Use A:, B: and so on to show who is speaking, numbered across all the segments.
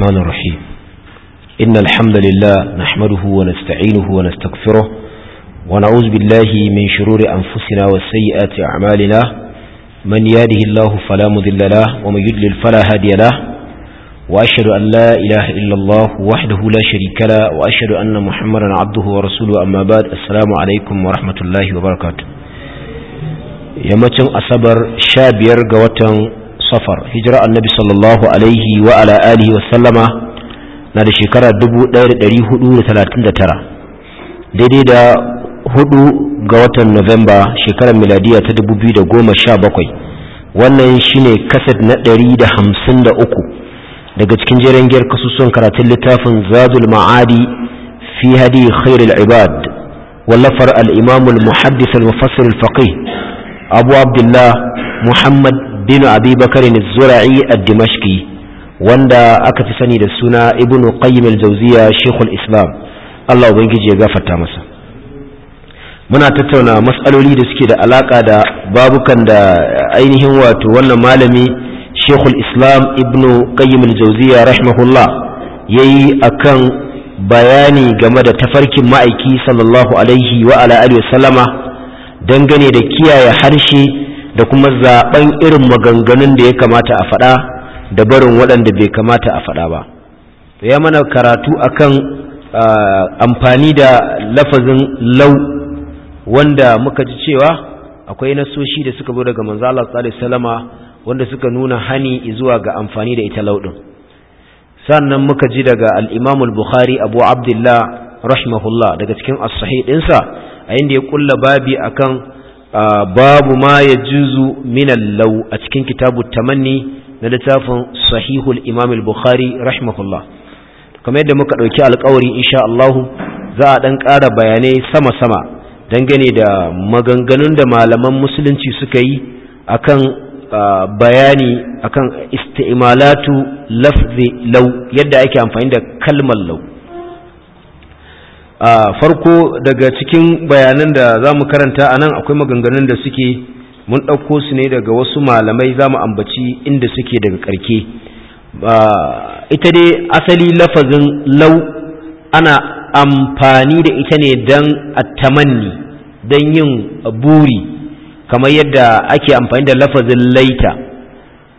A: الرحمن الرحيم إن الحمد لله نحمده ونستعينه ونستغفره ونعوذ بالله من شرور أنفسنا وسيئات أعمالنا من ياده الله فلا مذل له ومن يدلل فلا هادي له وأشهد أن لا إله إلا الله وحده لا شريك له وأشهد أن محمدا عبده ورسوله أما بعد السلام عليكم ورحمة الله وبركاته yammacin asabar sha biyar ga watan safar hijira annabi sallallahu alaihi wa ala alihi wa sallama na da shekara 1439 daidai da hudu ga watan Novemba shekarar miladiya ta 2017 wannan shine kaset na 153 daga cikin jeren giyar kasusun karatun littafin Zadul Ma'adi fi hadi khairul ibad wallafar al imamul al-muhaddis al-mufassir al-faqih Abu Abdullah Muhammad bin abi bakarin zura'i a dimashki wanda aka fi sani da suna ibn qayyim al-jawziya shekul islam allah ubangiji ya gafarta masa muna tattauna matsaloli da suke da alaka da babukan da ainihin wato wannan malami shekul islam ibn qayyim al-jawziya rahimahullah yayi akan bayani game da tafarkin ma'aiki sallallahu alaihi wa ala alihi wa sallama dangane da kiyaye harshe da kuma zaben irin maganganun da ya kamata a faɗa da barin waɗanda bai kamata a faɗa ba ya mana karatu akan amfani da lafazin lau wanda muka ji cewa akwai nasoshi da suka zo daga manzo Allah sallallahu wanda suka nuna hani zuwa ga amfani da ita laudin sannan muka ji daga al-Imam bukhari Abu Abdullah rahimahullah daga cikin as-sahih dinsa a inda ya ƙulla babi akan babu ma ya juzu minan lau a cikin kitabu tamanni na littafin sahihul imam al-bukhari rahimahullah kamar yadda muka ɗauki alkawari insha Allah za a ɗan ƙara bayanai sama-sama dangane da maganganun da malaman musulunci suka yi akan bayani akan isti'malatu lafzi lau yadda ake amfani da kalmar lau a farko daga cikin bayanan da za mu karanta a nan akwai maganganun da suke mun ɗauko su ne daga wasu malamai za mu ambaci inda suke daga ƙarke ita dai asali lafazin lau ana amfani da ita ne don attamanni don yin buri kamar yadda ake amfani da lafazin laita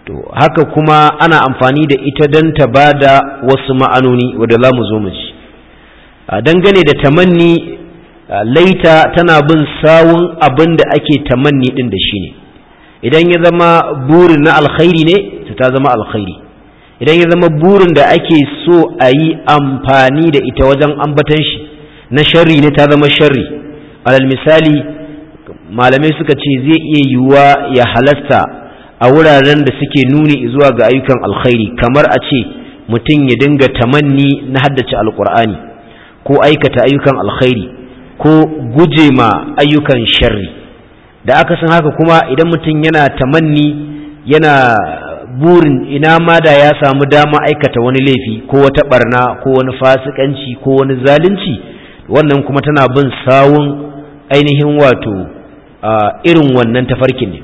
A: to haka kuma ana amfani da ita don ta ba da wasu ma'anoni wadda za mu zo mu dangane da tamanni laita tana bin sawun abin da ake tamanni din da shi ne idan ya zama burin na alkhairi ne to ta zama alkhairi idan ya zama burin da ake so a yi amfani da ita wajen ambatan shi na sharri ne ta zama sharri alal misali malamai suka ce zai iya yiwuwa ya halasta a wuraren da suke nuni zuwa ga ayyukan alkhairi kamar a ce mutum ya dinga tamanni na haddace alkur'ani ko aikata ayyukan alkhairi ko guje ma ayyukan sharri da aka san haka kuma idan mutum yana tamanni yana burin ina ma da ya samu dama aikata wani laifi ko wata barna ko wani fasikanci ko wani zalunci wannan kuma tana bin sawun ainihin wato irin wannan tafarkin ne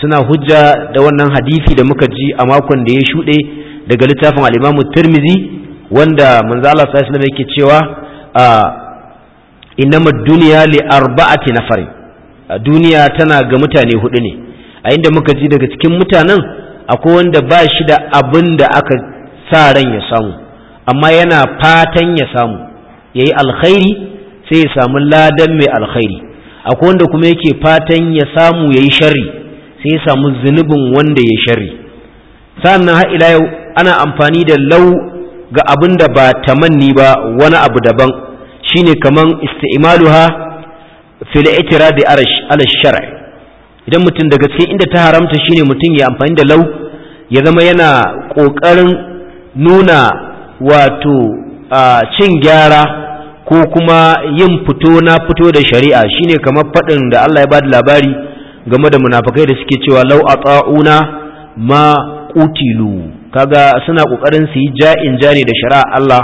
A: suna hujja da wannan hadisi da muka ji a makon da ya shuɗe daga littafin al'imamu turmizi wanda manzala Allah yake cewa innama duniya li arba'ati nafari duniya tana ga mutane hudu ne a inda muka ji daga cikin mutanen akwai wanda ba shi da abin da aka sa ran ya samu amma yana fatan ya samu yayi alkhairi sai ya samu ladan mai alkhairi akwai wanda kuma yake fatan ya samu yayi sharri sai ya samu zunubin wanda ya sharri sannan har ila yau ana amfani da lau ga abin da ba tamanni ba wani abu daban shine kamar isti'maluha fil i'tiradi ala shar'i idan mutum daga cikin inda ta haramta shine mutum ya amfani da lau ya zama yana kokarin nuna wato cin gyara ko kuma yin fito na fito da shari'a shine kamar faɗin da Allah ya ba da labari game da munafikai da suke cewa lau ata'una ma qutilu kaga suna kokarin su yi ja'in jari da shari'a Allah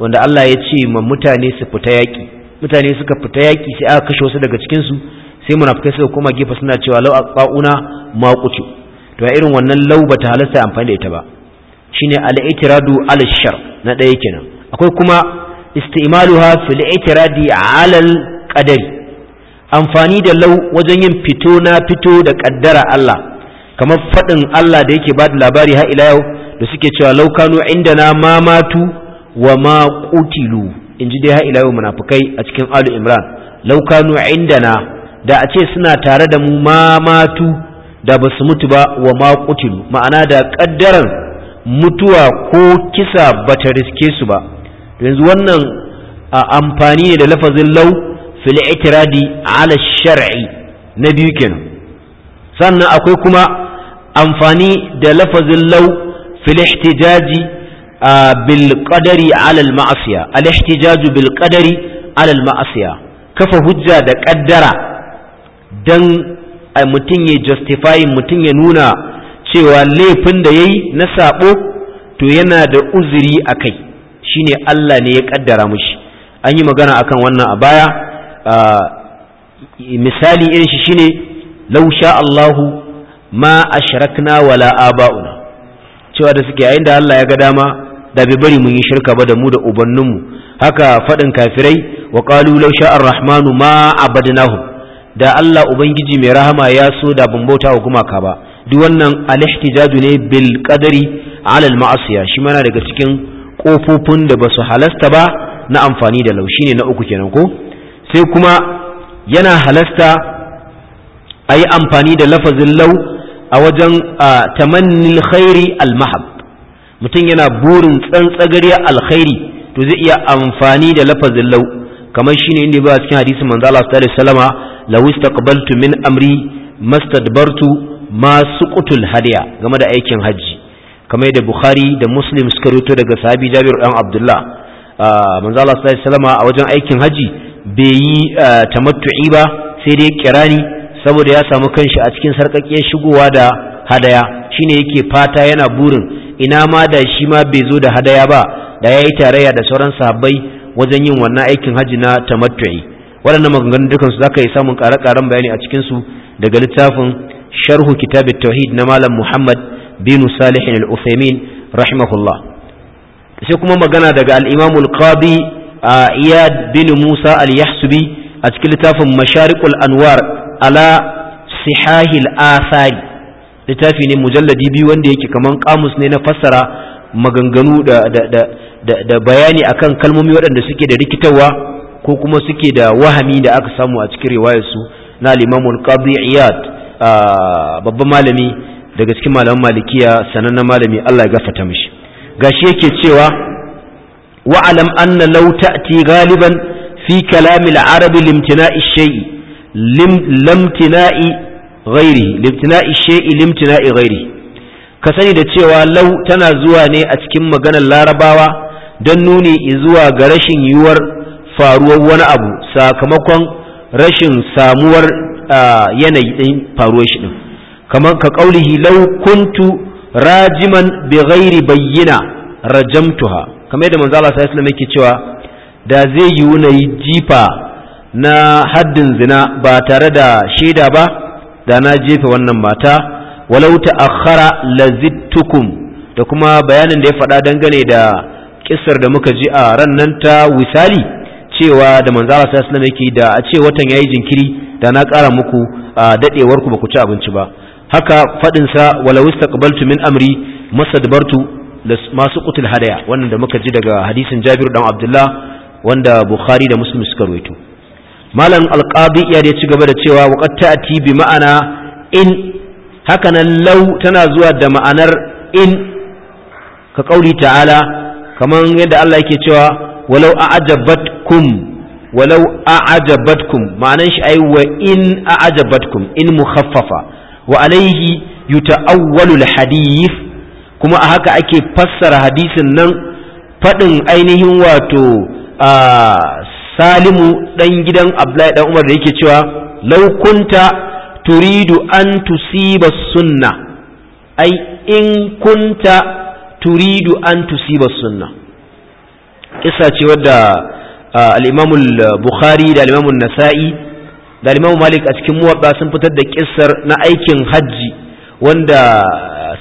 A: wanda Allah ya ce ma mutane su fita yaki mutane suka fita yaki sai aka kashe wasu daga cikin su sai munafikai suka koma gefe suna cewa lau aqauna ma kuce to a irin wannan lau ba ta halasta amfani da ita ba shine al-itiradu al-shar na daya kenan akwai kuma istimaluha fil itiradi ala al-qadari amfani da lau wajen yin fito na fito da kaddara Allah kamar faɗin Allah da yake ba da labari har ila yau da suke cewa laukanu inda ma matu wa ma kutilu in ji dai ha ila munafukai a cikin alu imran laukanu na da a ce suna tare da mu ma da ba su mutu ba wa ma kutilu ma'ana da kaddaran mutuwa ko kisa ba ta riske su ba yanzu wannan amfani ne da lafazin lau fil itiradi ala shar'i na biyu kenan sannan akwai kuma amfani da lafazin lau fil ihtijaji bil qadari ala al ma'asiya al ihtijaju bil qadari ala al ma'asiya kafa hujja da kaddara dan mutum ya justifying mutum ya nuna cewa laifin da yayi na saɓo to yana da uzuri a akai shine Allah ne ya kaddara mushi an yi magana akan wannan a baya misali in shi shine law sha Allahu ma ashrakna wala aba'una cewa da suke yayin da Allah ya ga dama da bai bari mun yi shirka ba da mu da ubanninmu haka faɗin kafirai wa qalu law sha'a ar-rahmanu ma abadnahu da Allah ubangiji mai rahama ya so da ban bauta wa gumaka ba duk wannan al ne bil qadari ala al-ma'asiya shi mana daga cikin kofofin da basu halasta ba na amfani da laushi ne na uku kenan ko sai kuma yana halasta ayi amfani da lafazin lau a wajen tamannin khairi almahab mutum yana burin tsantsagariyar alkhairi to zai iya amfani da lafazin lau kamar shine inda ba cikin hadisi manzo Allah sallallahu alaihi wasallama law istaqbaltu min amri mastadbartu ma suqutul hadiya game da aikin haji kamar da Bukhari da Muslim suka rawaito daga sahabi Jabir dan Abdullah manzo Allah sallallahu alaihi wasallama a wajen aikin haji bai yi tamattu'i ba sai dai kirani saboda ya samu kanshi a cikin sarƙaƙiyar shigowa da hadaya shine yake fata yana burin ina ma da shi ma bai zo da hadaya ba da ya yi tarayya da sauran sahabbai wajen yin wannan aikin hajji na tamattu'i waɗannan maganganun dukansu za ka yi samun ƙare-ƙaren bayani a cikinsu daga littafin sharhu kitab tauhid na malam muhammad bin salihin al-uthaymin rahimahullah sai kuma magana daga al-imam al-qadi iyad bin musa al-yahsubi a cikin littafin masharikul anwar ala sihahil asari littafi ne mujalladi biyu wanda yake kaman kamus ne na fassara maganganu da da da da, bayani akan kalmomi waɗanda suke da rikitarwa ko kuma suke da wahami da aka samu a cikin riwayarsu na limamul imam qadi Iyad babban malami daga cikin malaman malikiya sanannen malami Allah ya gafarta mishi gashi yake cewa wa'alam anna law ta'ti ghaliban fi kalamil arabi limtina'i shay'i limtina'i ghairi limtina'i shay'i limtina'i ghairi ka sani da cewa lau tana zuwa ne a cikin maganar larabawa don nuni zuwa ga rashin yiwuwar faruwar wani abu sakamakon rashin samuwar yanayi din faruwar shi din kamar ka kaulihi lau kuntu rajiman bi ghairi bayyina rajamtuha kamar yadda manzo Allah sallallahu alaihi wasallam yake cewa da zai yiwu na jifa na haddin zina ba tare da shaida ba da na jefe wannan mata walau akhara lazittukum da kuma bayanin da ya faɗa dangane da kissar da muka ji a rannan ta wisali cewa da manzo Allah sallallahu yake da a ce watan yayi jinkiri da na ƙara muku dadewar ku ba ku ci abinci ba haka fadin sa walau istaqbaltu min amri masadbartu masu qutul hadaya wannan da muka ji daga hadisin Jabir dan Abdullah wanda Bukhari da Muslim suka rawaito malam alqadi ya ci gaba da cewa wa a Tibi bi ma'ana in hakanan Lau tana zuwa da ma'anar in ka kauli ta'ala kamar yadda Allah yake cewa walau a'jabatkum walau a'jabatkum ma'anan shi ai wa in a'jabatkum in mukhaffafa wa alaihi yuta'awwalu al-hadith kuma a haka ake fassara hadisin nan faɗin ainihin wato ah, salimu ɗan gidan abdullahi dan umar da yake cewa laukunta turidu an tusiba sunna ai in kunta turidu an tusiba sunna kisa ce wadda al bukhari da al nasai da al malik a cikin muwatta sun fitar da kissar na aikin hajji wanda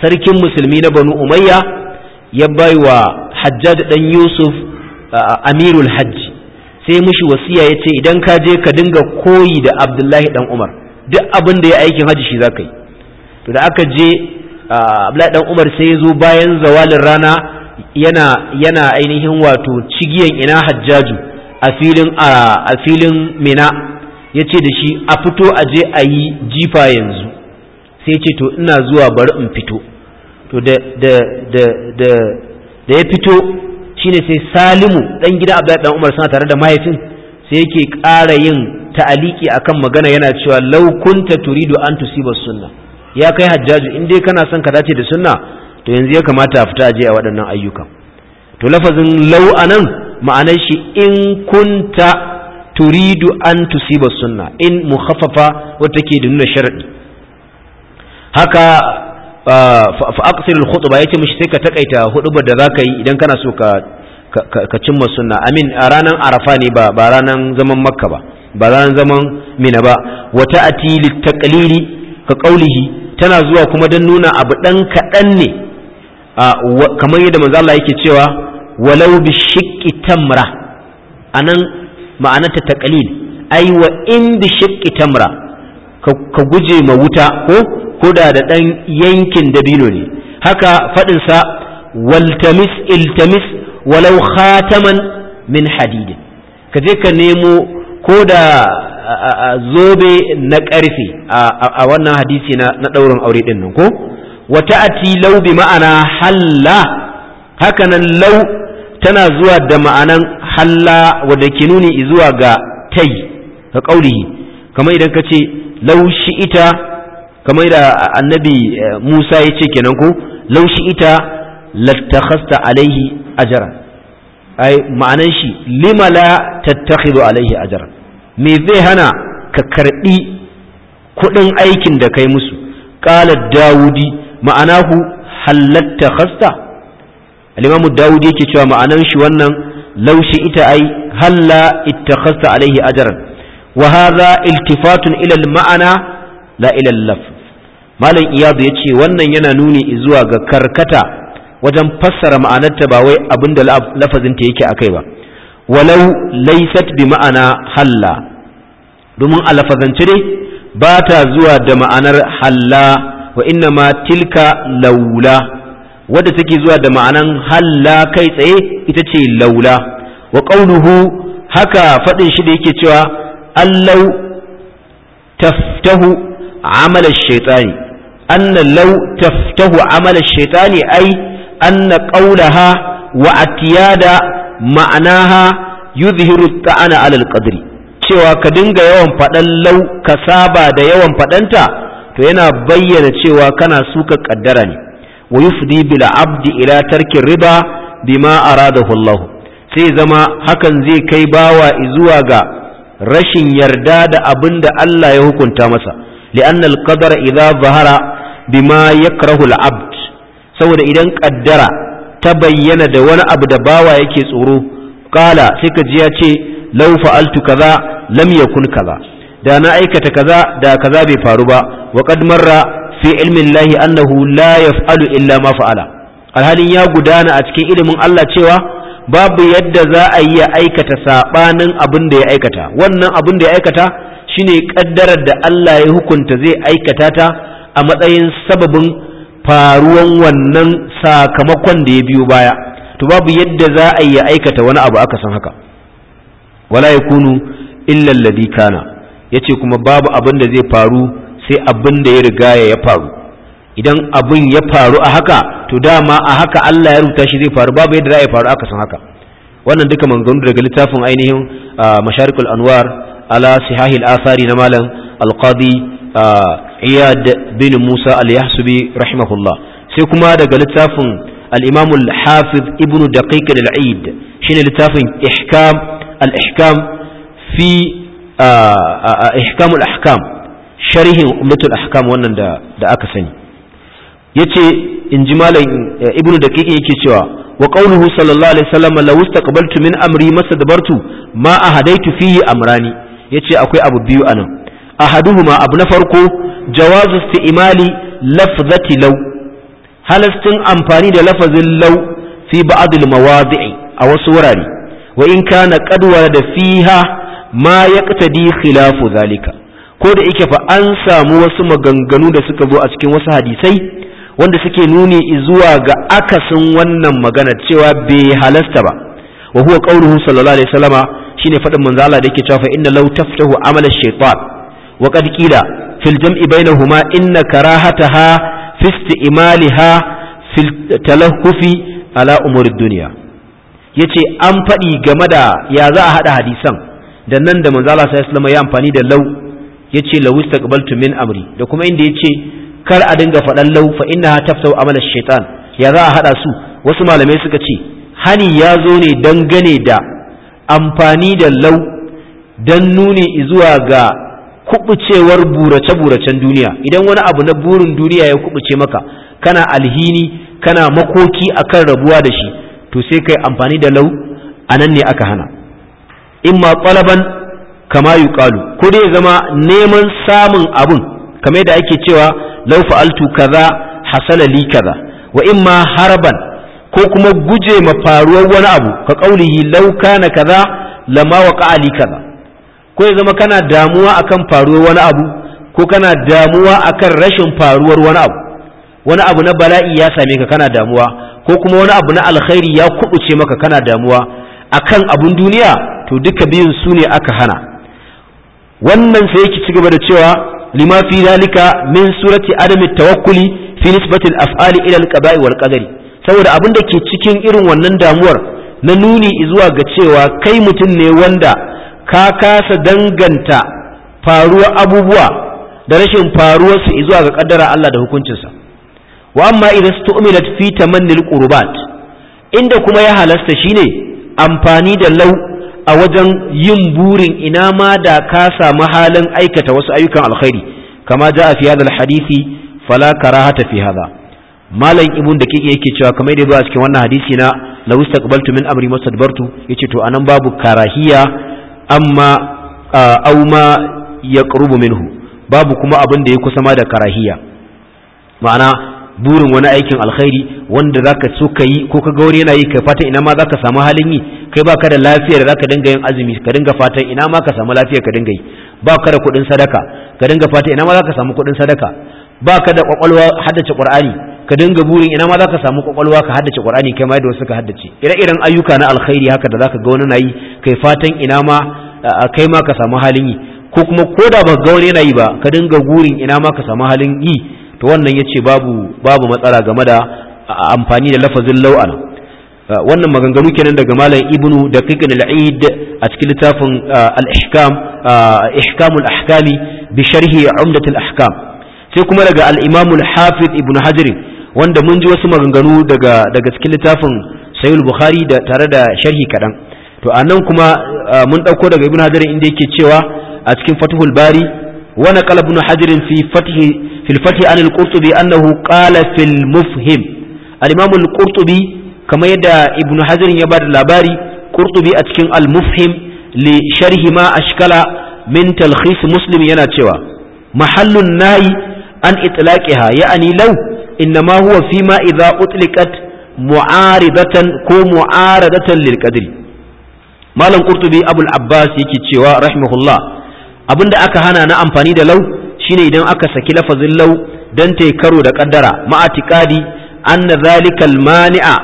A: sarkin musulmi na banu umayya ya baiwa hajjaj ɗan yusuf amirul hajji sai mushi wasiya ya ce idan ka je ka dinga koyi da abdullahi dan umar duk abin da ya aikin hajji shi za ka yi to da aka je abdullahi dan umar sai ya zo bayan zawalin rana yana yana ainihin wato cigiyan ina hajjaju a filin a filin mina ya ce da shi a fito a je a yi jifa yanzu sai ya ce to ina zuwa bari in fito to da da da da ya fito shine sai salimu dan gida abdullahi dan umar suna tare da mahaifin sai yake ƙara yin ta'aliki akan magana yana cewa law kunta turidu an tusiba sunna ya kai hajjaju in dai kana son ka dace da sunna to yanzu ya kamata a fita aje a waɗannan ayyuka to lafazin law anan ma'anar shi in kunta turidu an tusiba sunna in mukhaffafa wata ke da nuna sharadi haka fa aqsir al khutba yace mishi sai ka takaita hudubar da zaka yi idan kana so ka ka cimma sunna amin a ranar arafa ne ba ba ranar zaman makka ba ba ranar zaman mina ba wata atili taqlili ka qaulihi tana zuwa kuma dan nuna abu dan kadan ne kamar yadda manzo Allah yake cewa walau bi shiqqi tamra anan ma'anarta taqlil ai wa in bi shiqqi tamra ka guje ma wuta ko Ko da ɗan yankin dabino ne haka faɗinsa waltamis iltamis walau khataman min hadidin ka je ka nemo ko da zobe na ƙarfe a wannan hadisi na ɗaurin aure ɗin nan ko wata ati lau bi ma'ana halla hakanan lau tana zuwa da ma'anan halla wadda ke nuni zuwa ga tai ka ƙaurihi kamar idan ka ce lau ita kamar da annabi eh, Musa ya ce kenan ko laushi ita lattakhasta alaihi ajran ai ma'anan shi lima la tattakhidu alaihi ajran me zai hana ka karbi kudin aikin da kai musu qala daudi ma'anahu halatta khasta al-imamu daudi yake cewa ma'anan shi wannan laushi ita ai halla ittakhasta alaihi ajran wa hadha iltifatun ila al-ma'ana la ila al-lafz malam iyadu ya ce wannan yana nuni zuwa ga karkata wajen fassara ma'anarta ba wai abin da lafazinta yake a kai ba walau laisat bi ma'ana halla domin a lafazance dai ba ta zuwa da ma'anar halla wa inna ma tilka laula wadda take zuwa da ma'anan halla kai tsaye ita ce laula wa qauluhu haka faɗin shi da yake cewa allau taftahu amala shaitani anna law taftahu amala shaitani ai anna qawlaha wa da ma'anaha yuzhiru ta'ana alal cewa ka dinga yawan faɗan lau ka saba da yawan faɗanta to yana bayyana cewa kana suka kaddara ne wa yufdi bil abdi ila tarkin riba bima aradahu Allah sai zama hakan zai kai bawa zuwa ga rashin yarda da abin da Allah ya hukunta masa li'an alƙadar idan zahara bima ya karahul abd saboda idan ƙaddara ta bayyana da wani abu da bawa yake tsoro ƙala sai ka ji ya ce laufa fa'altu kaza lam yakun kaza da na aikata kaza da kaza bai faru ba wa qad marra fi ilmin lahi annahu la yaf'alu illa ma fa'ala alhalin ya gudana a cikin ilimin Allah cewa babu yadda za a yi ya aikata sabanin abin da ya aikata wannan abin da ya aikata shine kaddarar da Allah ya hukunta zai aikata ta a matsayin sababin faruwan wannan sakamakon da ya biyo baya to babu yadda za a yi aikata wani abu aka san haka wala yakunu illa alladhi kana yace kuma babu abin da zai faru sai abin da ya riga ya faru idan abin ya faru a haka to dama a haka Allah ya rubuta shi zai faru babu yadda za a faru aka san haka wannan duka manganu daga littafin ainihin ah, masharikul anwar ala sihahil asari na malam alqadi iyad bin musa al-yahsubi rahimahullah sai kuma daga littafin al-imam al-hafiz ibn daqiq al-eid shine littafin ihkam al-ihkam fi ihkam al-ahkam sharhin ummatul ahkam wannan da da aka sani yace in ji malam eh, ibn daqiq yake cewa wa صلى الله عليه وسلم لو استقبلت من أمري ma استدبرت ما أهديت amrani. yace akwai abu biyu a nan ahaduhuma abu na farko jawazu isti'mali lafzati law halastin amfani da lafazin law fi ba'dil mawadii a wasu wurare wa in kana qadwa da fiha ma yaqtadi khilafu zalika ko da yake fa an samu wasu maganganu da suka zo a cikin wasu hadisai wanda suke nuni zuwa ga akasin wannan magana cewa bai halasta ba wa huwa qauluhu sallallahu alaihi wasallama shine faɗin Manzala da yake cewa fa inna law taftahu amala shaytan wa qad qila fil jam'i bainahuma inna karahataha fi isti'maliha fil talahhufi ala umuri dunya yace an faɗi game da ya za a hada hadisan da nan da Manzala sallallahu alaihi ya amfani da law yace law istaqbaltu min amri da kuma inda yace kar a dinga faɗan law fa innaha taftahu amala shaytan ya za a hada su wasu malamai suka ce hani ya zo ne dangane da amfani da lau don nuni zuwa ga kubucewar burace-buracen duniya idan wani abu na burin duniya ya kubuce maka kana alhini kana makoki akan rabuwa da shi to sai kai amfani da lau a nan ne aka hana in ma ƙwalaban kama kalu ko dai zama neman samun abun kamar da ake cewa lau fa'altu kaza hasala li kaza wa in ma haraban ko kuma guje ma faruwar wani abu ka kaulihi law kana kaza lama waqa ali kaza ko ya zama kana damuwa akan faruwar wani abu ko kana damuwa akan rashin faruwar wani abu wani abu na bala'i ya same ka kana damuwa ko kuma wani abu na alkhairi ya kubuce maka kana damuwa akan abun duniya to duka biyun su ne aka hana wannan sai yake cigaba da cewa lima fi dalika min surati adami tawakkuli fi nisbati al-af'ali ila al-qada'i wal qadari saboda abin da ke cikin irin wannan damuwar na nuni zuwa ga cewa kai mutum ne wanda ka kasa danganta faruwar abubuwa da rashin faruwarsu zuwa ga kaddara Allah da hukuncinsa wa amma idan stu'milat fi tamannil qurbat inda kuma ya halasta shine amfani da lau a wajen yin burin ina ma da ka samu halin aikata wasu ayyukan alkhairi kama ja'a fi hadal hadisi fala karahata fi hadha malam ibun da kike yake cewa kamar da ba cikin wannan hadisi na la ustaqbaltu min amri ya yace to anan babu karahiya amma aw ma yaqrubu minhu babu kuma abin da ya kusa ma da karahiya ma'ana burin wani aikin alkhairi wanda zaka so ka yi ko ka ga wani yana yi kai fatan ina ma zaka samu halin yi kai baka da lafiya da zaka dinga yin azumi ka dinga fatan ina ma ka samu lafiya ka dinga yi baka da kuɗin sadaka ka dinga fatan ina ma zaka samu kuɗin sadaka baka da kwakwalwa haddace qur'ani ka dinga burin ina ma zaka samu kwakwalwa ka haddace qur'ani kai ma da wasu ka haddace ire-iren ayyuka na alkhairi haka da zaka ga wani nayi kai fatan ina ma kai ma ka samu halin yi ko kuma ko da ba ga wani yana yi ba ka dinga burin ina ma ka samu halin yi to wannan yace babu babu matsala game da amfani da lafazin lau'ana wannan maganganu kenan daga malam ibnu daqiq al-eid a cikin littafin al-ihkam ihkamul ahkami bi sharhi umdatul ahkam sai kuma daga al'imamul imamul hafiz ibn hajar wanda mun ji wasu maganganu daga daga cikin littafin sayul bukhari da tare da sharhi kaɗan to a nan kuma mun ɗauko daga ibn hajar inda yake cewa a cikin fatihul bari wani kala ibn hajar fi fatihi an al-qurtubi annahu qala fil mufhim al-imam qurtubi kamar yadda ibn hajar ya da labari qurtubi a cikin al-mufhim li sharhi ma ashkala min talkhis muslim yana cewa mahallun nayi an itlaqiha ya'ani law innama huwa fi ma idza utliqat mu'aridatan ko mu'aradatan lil qadri malam qurtubi abul abbas yake cewa rahimahullah da aka hana na amfani da law shine idan aka saki lafazin law dan tai karo da kaddara ma'atikadi anna zalikal mani'a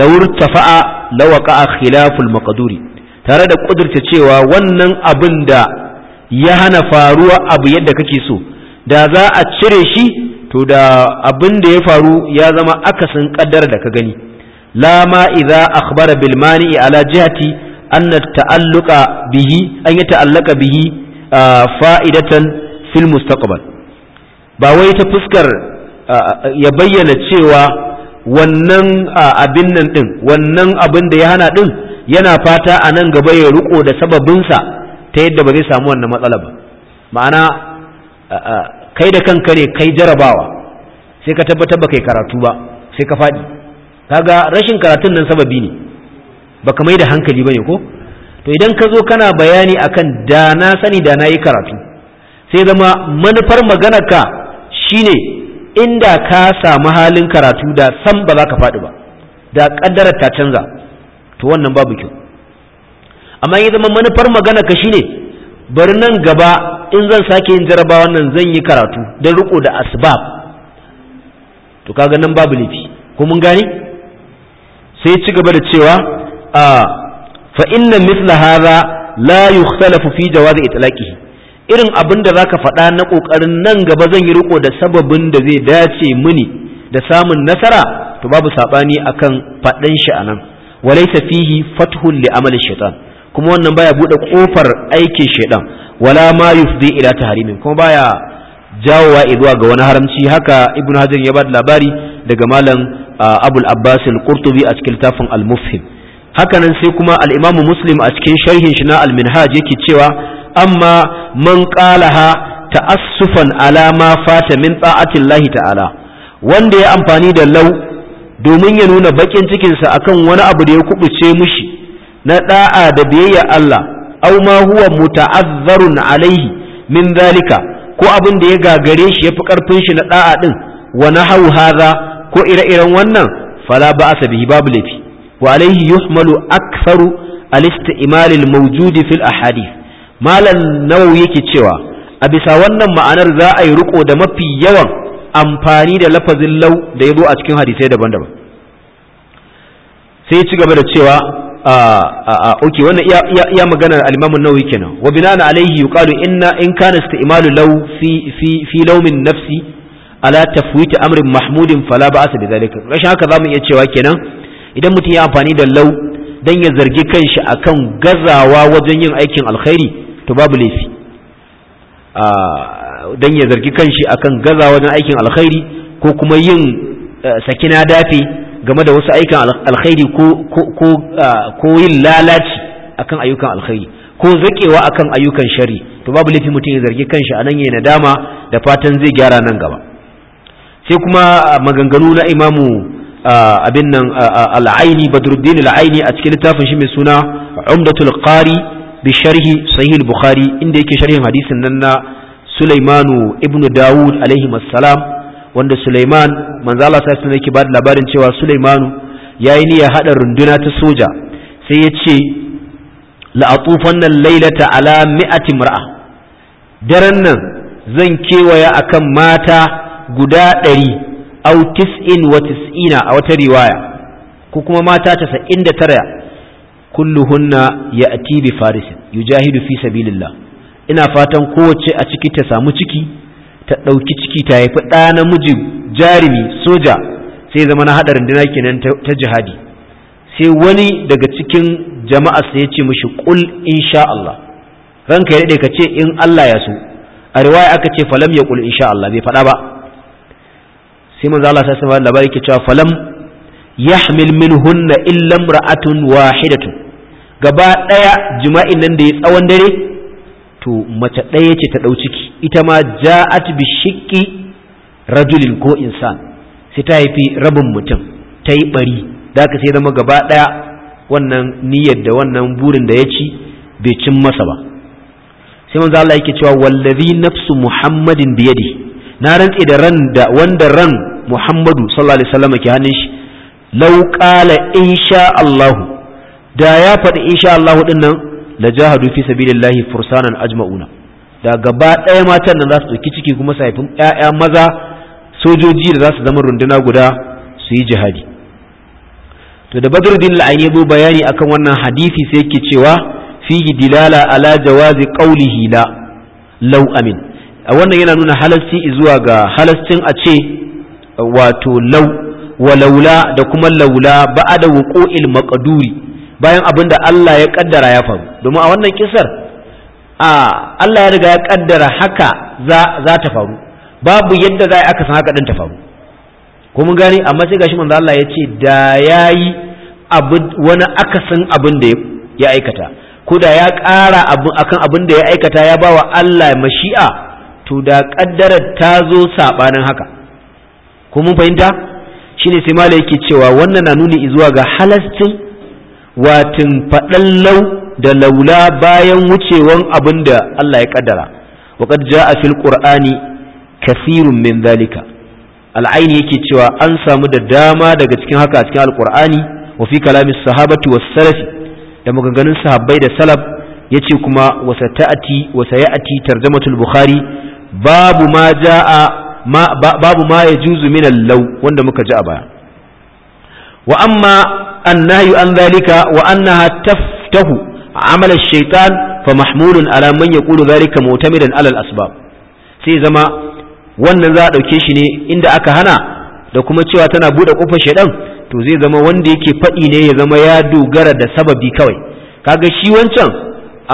A: law irtafa'a law waqa'a khilaful maqduri tare da kudurta cewa wannan abin da ya hana faruwa abu yadda kake so da za a cire shi to da abin da ya faru ya zama akasin kaddar da ka gani la ma idza akhbara bil mani'i ala jihati an ta'alluqa bihi an ya ta'allaka bihi fa'idatan fil mustaqbal ba wai ta fuskar ya bayyana cewa wannan abin nan din wannan abin da ya hana din yana fata a nan gaba ya riko da sababinsa ta yadda ba zai samu wannan matsala ba ma'ana kai da kanka ne kai jarabawa sai ka tabbatar ba kai karatu ba sai ka faɗi kaga rashin karatun nan sababi ne baka mai da hankali ba bane ko to idan ka zo kana bayani akan da na sani da na yi karatu sai zama manufar maganarka ka shine inda ka samu halin karatu da san ba za ka faɗi ba da ƙaddarar ta canza to wannan babu kyau amma ya zama manufar magana ka shine bari nan gaba in zan sake yin jarabawa nan zan yi karatu don riko da asbab to kaga nan babu laifi ko mun gane sai ci gaba da cewa a fa inna mithla hadha la yukhtalafu fi jawazi itlaqihi irin abin da zaka faɗa na ƙoƙarin nan gaba zan yi riko da sababin da zai dace mini da samun nasara to babu saɓani akan faɗan shi anan walaysa fihi fathun li amali shaitan kuma wannan baya bude kofar aikin shaidan wala ma yufdi ila tahrimin kuma baya jawowa zuwa ga wani haramci haka ibn hajar ya bada labari daga malam abul abbas al-qurtubi a cikin littafin al-mufhim hakanan sai kuma al-imam muslim a cikin sharhin shi na al-minhaj yake cewa amma man qalaha ta'assufan ala ma fata min ta'ati ta'ala wanda ya amfani da lau domin ya nuna bakin cikinsa akan wani abu da ya kubuce mushi na da'a da biyayya Allah auma ma huwa muta'azzarun alaihi min zalika ko abin da ya gagare shi yafi karfin shi na da'a din wa nahaw hadha ko ire-iren wannan fala ba'asa bihi babu lafi wa alaihi yuhmalu aktharu al-isti'mal al-mawjud fil ahadith malan nawawi yake cewa a bisa wannan ma'anar za a yi riko da mafi yawan amfani da lafazin lau da ya zo a cikin hadisai daban-daban sai ci gaba da cewa okay wannan iya maganar al nawawi kenan wa binana alayhi yuqalu inna in kana istimalu law fi fi fi lawmin nafsi ala tafwit amrin mahmudin fala ba'sa bidhalika rashin haka zamu iya cewa kenan idan mutum ya amfani da law dan ya zargi kanshi akan gazawa wajen yin aikin alkhairi to babu laifi dan ya zargi kanshi akan gazawa wajen aikin alkhairi ko kuma yin eh, sakina dafi game da wasu ayyukan alkhairi ah, ko yin lalaci akan ayyukan alkhairi ko zakewa akan ayyukan shari to babu laifi mutum ya zargi kanshi a nan na nadama da fatan zai gyara nan gaba sai kuma ah, maganganu na imamu ah, abin nan al'aini badruddin al'aini a cikin littafin shi mai suna umdatul qari bi sharhi sahih bukhari inda yake sharhin hadisin nan na sulaimanu ibnu dawud alaihi assalam wanda Suleiman manzo Allah sai sun yake bada labarin cewa Sulaimanu yi niyya hada runduna ta soja sai ya ce nan al-lailata ala mi'ati mar'a daren nan zan kewaya akan mata guda ɗari au tis'in wa tis'ina a wata riwaya ko kuma mata casa'in da tara kulluhunna ya ati bi farisin yujahidu fi sabilillah ina fatan kowace a ciki ta samu ciki ta ɗauki ciki ta haifi ɗa namiji jarumi soja sai zama na haɗa rundunar kenan ta jihadi sai wani daga cikin jama'a sai ya ce mishi qul insha Allah ranka ya daɗe ka ce in Allah ya so a riwaya aka ce falam ya qul insha Allah bai faɗa ba sai manzo Allah sai ya labari ke cewa falam yahmil minhunna illa imra'atun wahidatu, gaba ɗaya jima'in nan da ya tsawon dare to mace ɗaya ce ta ɗau ita ma ja'at bi shiqqi rajulin ko insan sai ta haifi rabin mutum ta yi bari da ka sai zama gaba daya wannan niyyar da wannan burin da ya ci bai cin masa ba sai manzo Allah yake cewa wallazi nafsu muhammadin biyadi na rantse da ran da wanda ran muhammadu sallallahu alaihi wasallam ke hannun shi law qala insha Allah da ya faɗi insha Allah din nan la jahadu fi sabilillahi fursanan ajma'una da gaba ɗaya matan nan za su ɗauki ciki kuma su haifi ‘ya'ya maza sojoji da za su zama runduna guda su yi jihadi to da badruddin la'ayi ya bayani akan wannan hadisi sai yake cewa fihi dilala ala jawazi qawlihi la law amin a wannan yana nuna halasci zuwa ga halascin a ce wato law wa laula da kuma laula ba'ada wuqu'il maqduri bayan abinda Allah ya kaddara ya faru domin a wannan kisar a Allah ya riga ya kaddara haka za ta faru babu yadda za aka san haka din ta faru ko mun gani amma sai gashi manzo Allah ya ce da yayi abu wani akasin abin da ya aikata ko da ya kara abu akan abin da ya aikata ya bawa Allah mashi'a to da kaddarar ta zo sabanin haka ko mun fahimta shine sai malai yake cewa wannan na nuni zuwa ga halastin watin faɗan lau da laula bayan wucewan abin da Allah ya kaddara waqad jaa fil qur'ani min zalika al'aini yake cewa an samu da dama daga cikin haka a cikin Al'kur'ani: wa fi kalami sahabati was salafi da maganganun sahabbai da salaf yace kuma wasata'ati ya'ati tarjamatul bukhari babu ma jaa ma babu ma yajuzu min al wanda muka ji a baya wa amma annahyu an zalika wa annaha taftahu amala shaitan fa mahmulun ala man yaqulu dhalika mu'tamidan ala al-asbab sai zama wannan za a ɗauke shi ne inda aka hana da kuma cewa tana buɗe kofar shaitan to zai zama wanda yake faɗi ne ya zama ya dogara da sababi kawai kaga shi wancan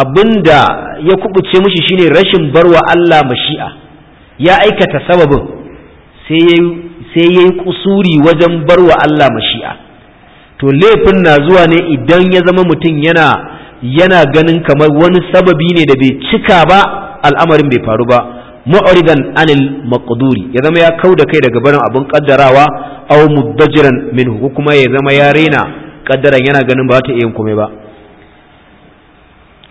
A: abinda ya kubuce mushi shine rashin barwa Allah mashi'a ya aikata sababin sai yayi kusuri wajen barwa Allah mashi'a to laifin na zuwa ne idan ya zama mutum yana yana ganin kamar wani sababi ne da bai cika ba al'amarin bai faru ba mu'ridan anil maqduri ya zama ya kau da kai daga barin abin kaddarawa aw muddajiran minhu ko kuma ya zama ya rena kaddaran yana ganin ba ta iya komai ba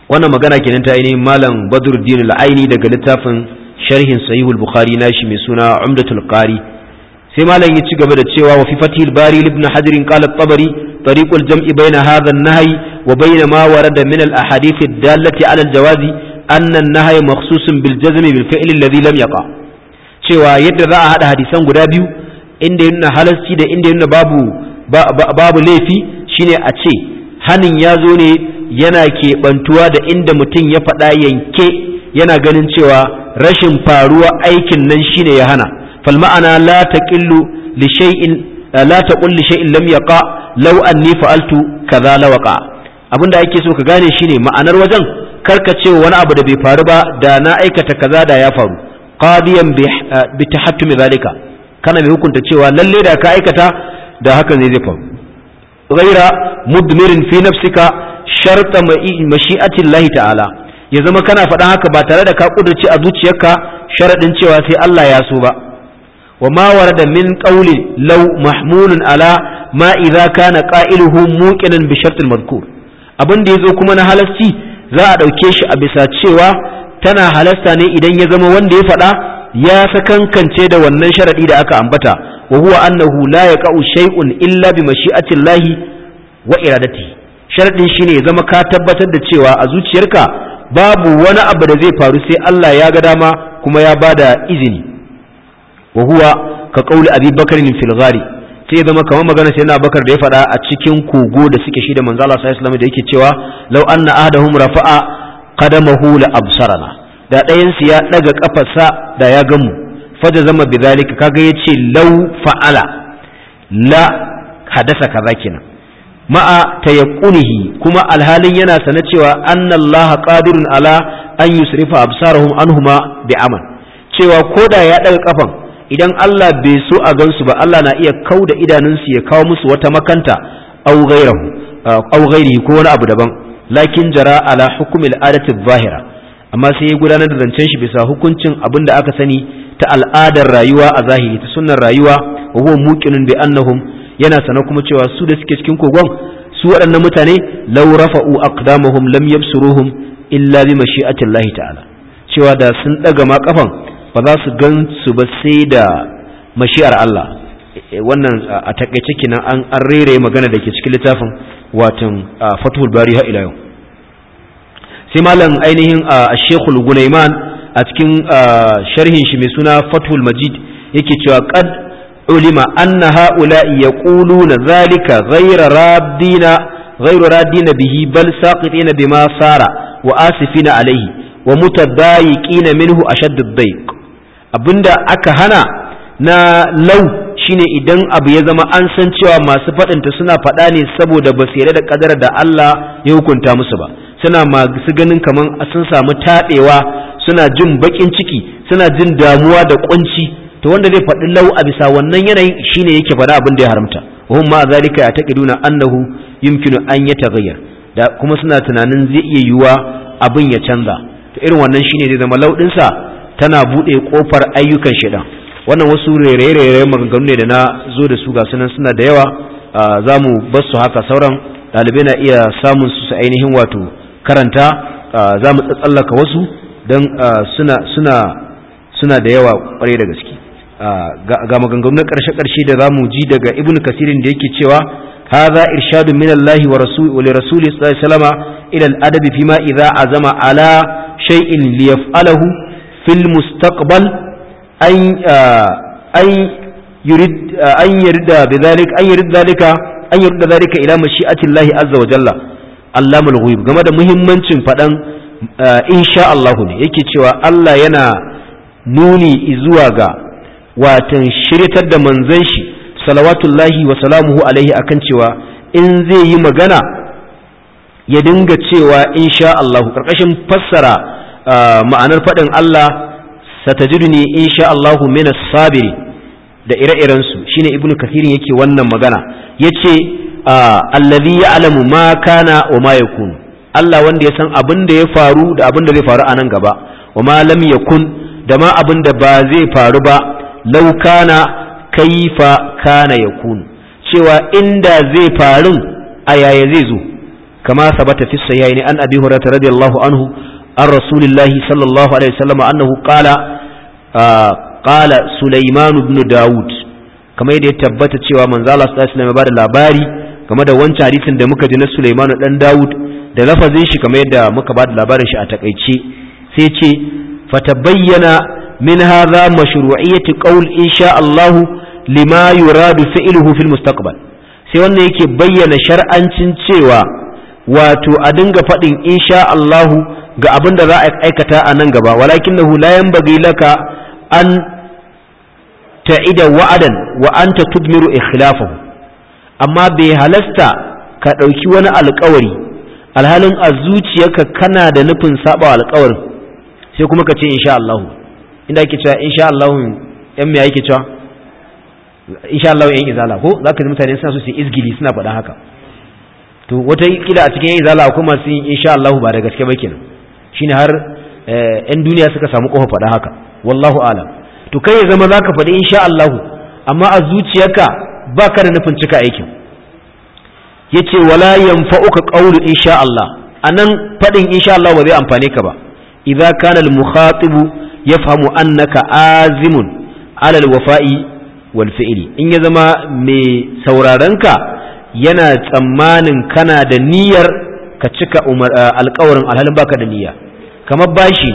A: wannan magana kenan ta ainihin malam badruddin al-aini daga littafin sharhin sahihul bukhari nashi mai suna umdatul qari sai malam ya ci gaba da cewa wa fi fatihil bari ibn hajar qala at-tabari tariqul jam'i bayna hadha an-nahyi وبين ما ورد من الأحاديث الدالة على الجواز أن النهي مخصوص بالجزم بالفعل الذي لم يقع cewa yadda za a haɗa hadisan guda biyu inda yana halarci da inda yana babu babu laifi shine a ce hanin ya zo ne yana keɓantuwa da inda mutum ya faɗa yanke yana ganin cewa rashin faruwa aikin nan shine ya hana fal ma'ana la taqillu li shay'in la taqul li shay'in lam yaqa law anni fa'altu kaza lawaqa abin da ake so ka gane shine ma'anar wajen ce wani abu da bai faru ba da na aikata kaza da ya faru qadiyan bi eh, zalika kana mai hukunta cewa lalle da ka aikata da haka ne zai faru ghaira mudmirin fi nafsika sharta mashi'atillahi ta'ala ya zama kana faɗa haka ba tare da ka kudurci a zuciyarka sharadin cewa sai Allah ya so ba wa ma warada min qawli law mahmulun ala ma idza kana qailuhu muqinan bi shartil madhkur abin da ya zo kuma na halasci za a ɗauke shi a bisa cewa tana halasta ne idan ya zama wanda ya faɗa ya sakankance da wannan sharaɗi da aka ambata wa huwa annahu la yaqa'u shay'un illa bi mashi'atin lahi wa iradatihi Sharaɗin shine ya zama ka tabbatar da cewa a zuciyarka babu wani abu da zai faru sai Allah ya ga dama kuma ya bada izini wa huwa ka qauli abi bakrin fil sai zama kamar magana sai na bakar da ya faɗa a cikin kogo da suke shi da manzo Allah sallallahu alaihi da yake cewa law anna ahadahum rafa'a qadamahu la absarana da ɗayan su ya daga kafarsa da ya gamu faja zama bidhalika kaga yace law fa'ala la hadasa kaza kenan ma'a tayaqqunihi kuma alhalin yana sana cewa anna Allah qadirun ala an yusrifa absarahum anhuma bi aman cewa koda ya ɗaga kafan idan Allah bai so a gansu ba Allah na iya kau da idanunsu ya kawo musu wata makanta au gairi uh, ko wani abu daban lakin jara ala hukumi al'adati zahira amma sai ya gudanar da zancen shi bisa hukuncin abin da aka sani ta al'adar rayuwa a zahiri ta sunnar rayuwa wa huwa muqinun bi annahum yana sana kuma cewa su da suke cikin kogon su waɗannan mutane law rafa'u aqdamahum lam yabsuruhum illa bi mashi'atillahi ta'ala cewa da sun daga ma kafan ba za su gan su ba sai da mashi'ar Allah eh, wannan a takaice kenan an an rere magana da ke cikin littafin watan Fathul Bari ila yau sai malam ainihin Sheikh Gunaiman a cikin sharhin shi mai suna Fathul Majid yake cewa qad ulima anna haula yaquluna zalika ghayra raddina غير رادين به wa ساقطين بما صار وآسفين عليه ومتضايقين منه أشد الضيق abinda aka hana na lau shine idan abu ya zama an san cewa masu faɗinta suna faɗa ne saboda ba su yarda da ƙadarar da Allah ya hukunta musu ba suna masu ganin kaman sun samu taɗewa, suna jin baƙin ciki suna jin damuwa da ƙunci to wanda zai faɗi lau a bisa wannan yanayin shine yake faɗa abin da ya haramta wahum ma zalika duna annahu yumkinu an yataghayyar da kuma suna tunanin zai iya yiwuwa abin ya canza to irin wannan shine zai zama lau tana buɗe ƙofar ayyukan shida wannan wasu rere-rere maganganu ne da na zo da su ga sunan suna da yawa za mu bar su haka sauran ɗalibai na iya samun su su ainihin wato karanta za mu tsatsallaka wasu don suna suna suna da yawa ƙwarai da gaske ga maganganu na ƙarshe karshe da za mu ji daga ibn kasirin da yake cewa هذا إرشاد من الله ولرسوله صلى الله عليه وسلم إلى الأدب فيما إذا عزم على شيء ليفعله fil mustaqbal an uh, an yurid uh, an yurda bidhalik an yurid dhalika ila mashi'ati Allah azza jalla allamul ghaib game da muhimmancin faɗan, uh, insha Allah ne yake cewa Allah yana nuni zuwa ga watan shiritar da manzon shi salawatullahi wa salamuhu alaihi akan cewa in zai yi magana ya dinga cewa insha ƙarƙashin fassara ma'anar faɗin Allah satajidni insha Allahu min sabiri da ire-iren su shine ibnu kathirin yake wannan magana yace allazi ya'lamu ma kana wa ma yakun Allah wanda ya san abin da ya faru da abin da zai faru a nan gaba wa ma lam yakun da ma abin da ba zai faru ba law kana kaifa kana yakun cewa inda zai faru a yaya zai zo kama sabata fi an abi hurairah radiyallahu anhu an rasulillahi sallallahu alaihi wasallam annahu qala qala sulaiman Dawud, daud kamar yadda ya tabbata cewa manzo Allah sallallahu alaihi wasallam labari game da wancan hadisin da muka ji na Sulaiman dan Dawud da lafazin shi kamar yadda muka ba da labarin shi a takaice sai ce fatabayyana min hadha mashru'iyyati qawl insha Allahu lima yuradu fi'luhu fil mustaqbal sai wannan yake bayyana shar'ancin cewa wato a dinga faɗin insha Allah ga abin da za a aikata a nan gaba walakin nahu la bagi laka an ta'ida wa'adan wa ta tudmiru ikhlafahu amma bai halasta ka ɗauki wani alkawari alhalin a zuciyarka kana da nufin saba alkawarin sai kuma ka ce insha Allah inda ake cewa insha Allah yan mai yake cewa insha Allah yan izala ko ka ji mutane suna so su izgili suna faɗa haka to wata kila a cikin yan izala kuma su insha Allah ba da gaske ba kenan shine har eh, yan duniya suka samu kofa faɗa haka wallahu alam to kai ya zama zaka faɗi insha Allah amma a zuciyarka baka da nufin cika aikin yace wala yanfa'uka qawlu insha Allah anan faɗin insha Allah ba zai amfane ka ba idza kana al mukhatibu yafhamu annaka azimun ala al wafa'i wal fi'li in ya zama mai sauraron ka yana tsammanin kana da niyyar ka cika eh, alƙawarin alhalin baka da niyya kamar bashi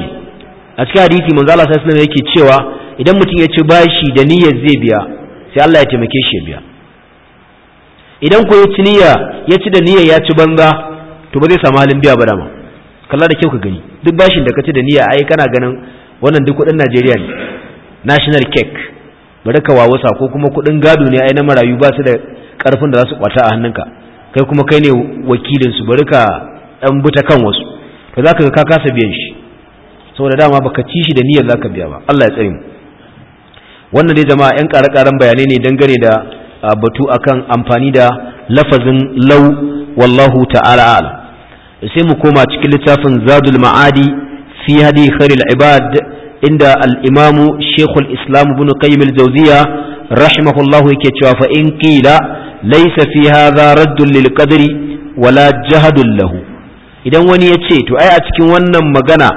A: a cikin hadisi manzo Allah sallallahu alaihi yake cewa idan mutum ya ci bashi da niyyar zai biya sai Allah ya taimake shi ya biya idan ko ya ci niyya ya ci da niyyar ya ci banza to ba zai samu halin biya ba dama kalla da kyau ka gani duk bashin da ka ci da niyya ai kana ganin wannan duk kudin Najeriya ne national cake bari ka wawusa ko kuma kudin gado ne ai na marayu ba su da karfin da za su kwata a hannunka kai kuma kai ne wakilin su bari ka dan buta kan wasu ka za ka ga ka kasa biyan shi saboda dama baka ci shi da niyyar za ka biya ba Allah ya tsare mu wannan dai jama'a yan ƙare-ƙaren bayanai ne dangane da batu akan amfani da lafazin lau wallahu ta'ala ala sai mu koma cikin littafin zadul ma'adi fi hadi khairil ibad inda al-imamu shaykhul islam ibn qayyim al-jawziya rahimahullahu yake cewa fa in qila laysa fi hadha raddun lil qadri wala jahadun lahu idan wani ya ce to ai a cikin wannan magana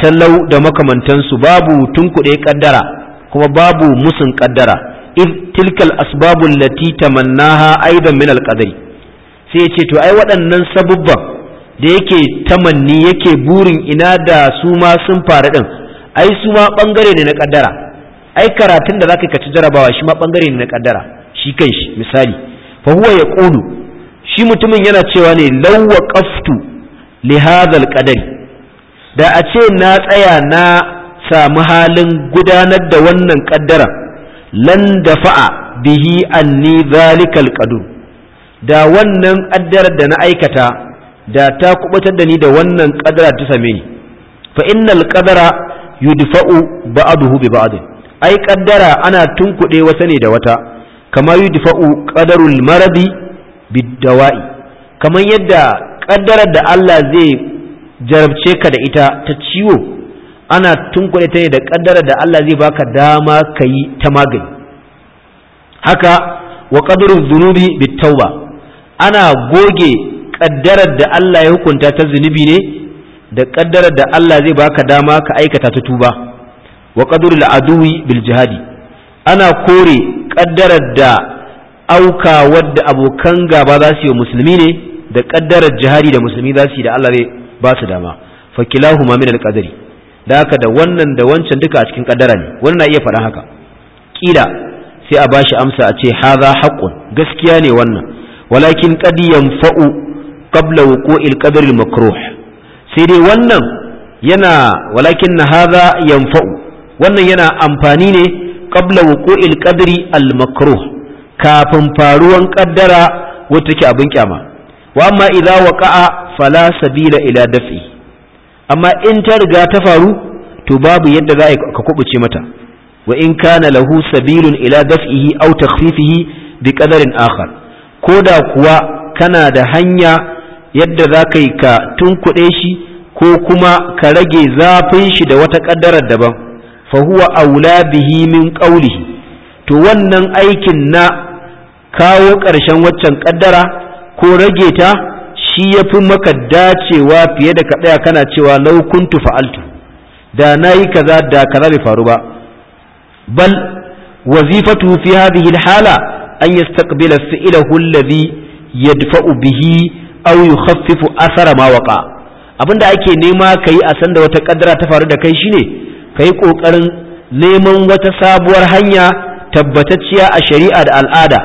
A: talau da makamantansu babu tunkuɗe kaddara kuma babu musun kaddara if tilkal asbabul lati tamannaha aidan min alqadari sai ya ce to ai waɗannan sabubban da yake tamanni yake burin ina da su ma sun faru din ai su ma bangare ne na kaddara ai karatun da zaka ci jarabawa shi ma bangare ne na kaddara shi kanshi misali fa huwa yaqulu shi mutumin yana cewa ne lawa kaftu li hadhal qadari da a ce na tsaya na samu halin gudanar da wannan kaddara lan dafa'a bihi anni zalikal qadar da wannan kaddarar da na aikata da ta kubutar da ni da wannan kaddara ta same ni fa innal qadara yudfa'u ba'duhu bi ba'd ai kaddara ana tunkuɗe wata ne da wata kama yudfa'u qadarul maradi biddawa'i kamar yadda kaddarar da Allah zai jarabce ka da ita ta ciwo ana tunkuɗe ta ne da kaddarar da Allah zai baka dama ka yi ta magani haka wa qadru dhunubi bitauba ana goge kaddarar da Allah ya hukunta ta zunubi ne da kaddarar da Allah zai baka dama ka aikata ta tuba wa qadru al-aduwi bil jihadi ana kore kaddarar da auka wadda abokan gaba za su yi musulmi ne da ƙaddarar jihadi da musulmi za su yi da Allah zai ba su dama fakilahu ma min alqadari da haka da wannan da wancan duka a cikin ƙaddara ne wannan na iya faɗan haka kila sai a bashi amsa a ce hadha haqqun gaskiya ne wannan walakin qad yanfa'u qabla wuqu'il qadar makruh sai dai wannan yana walakin na hadha yanfa'u wannan yana amfani ne qabla wuqu'il qadri al makruh kafin faruwan kaddara wata take abin kyama wa amma idza waqa'a fala sabila ila daf'i amma in ta riga ta faru to babu yadda za ka kubuce mata wa in kana lahu sabilun ila daf'ihi aw takhfifihi bi qadarin akhar koda kuwa kana da hanya yadda za ka yi ka tunkuɗe shi ko kuma ka rage zafin shi da wata ƙaddarar daban fa huwa aula bihi min qawlihi to wannan aikin na kawo ƙarshen waccan ƙaddara ko rage ta shi ya fi maka dacewa fiye da ka ɗaya kana cewa laukuntu fa'altu da na yi kaza da kaza bai faru ba bal wazifatu fi hadhihi yi hala an yastaqbila fi'lahu alladhi yadfa'u bihi aw yukhaffifu athara ma waqa abinda ake nema kai a sanda wata kaddara ta faru da kai shine kai ƙoƙarin neman wata sabuwar hanya tabbatacciya a shari'a da al'ada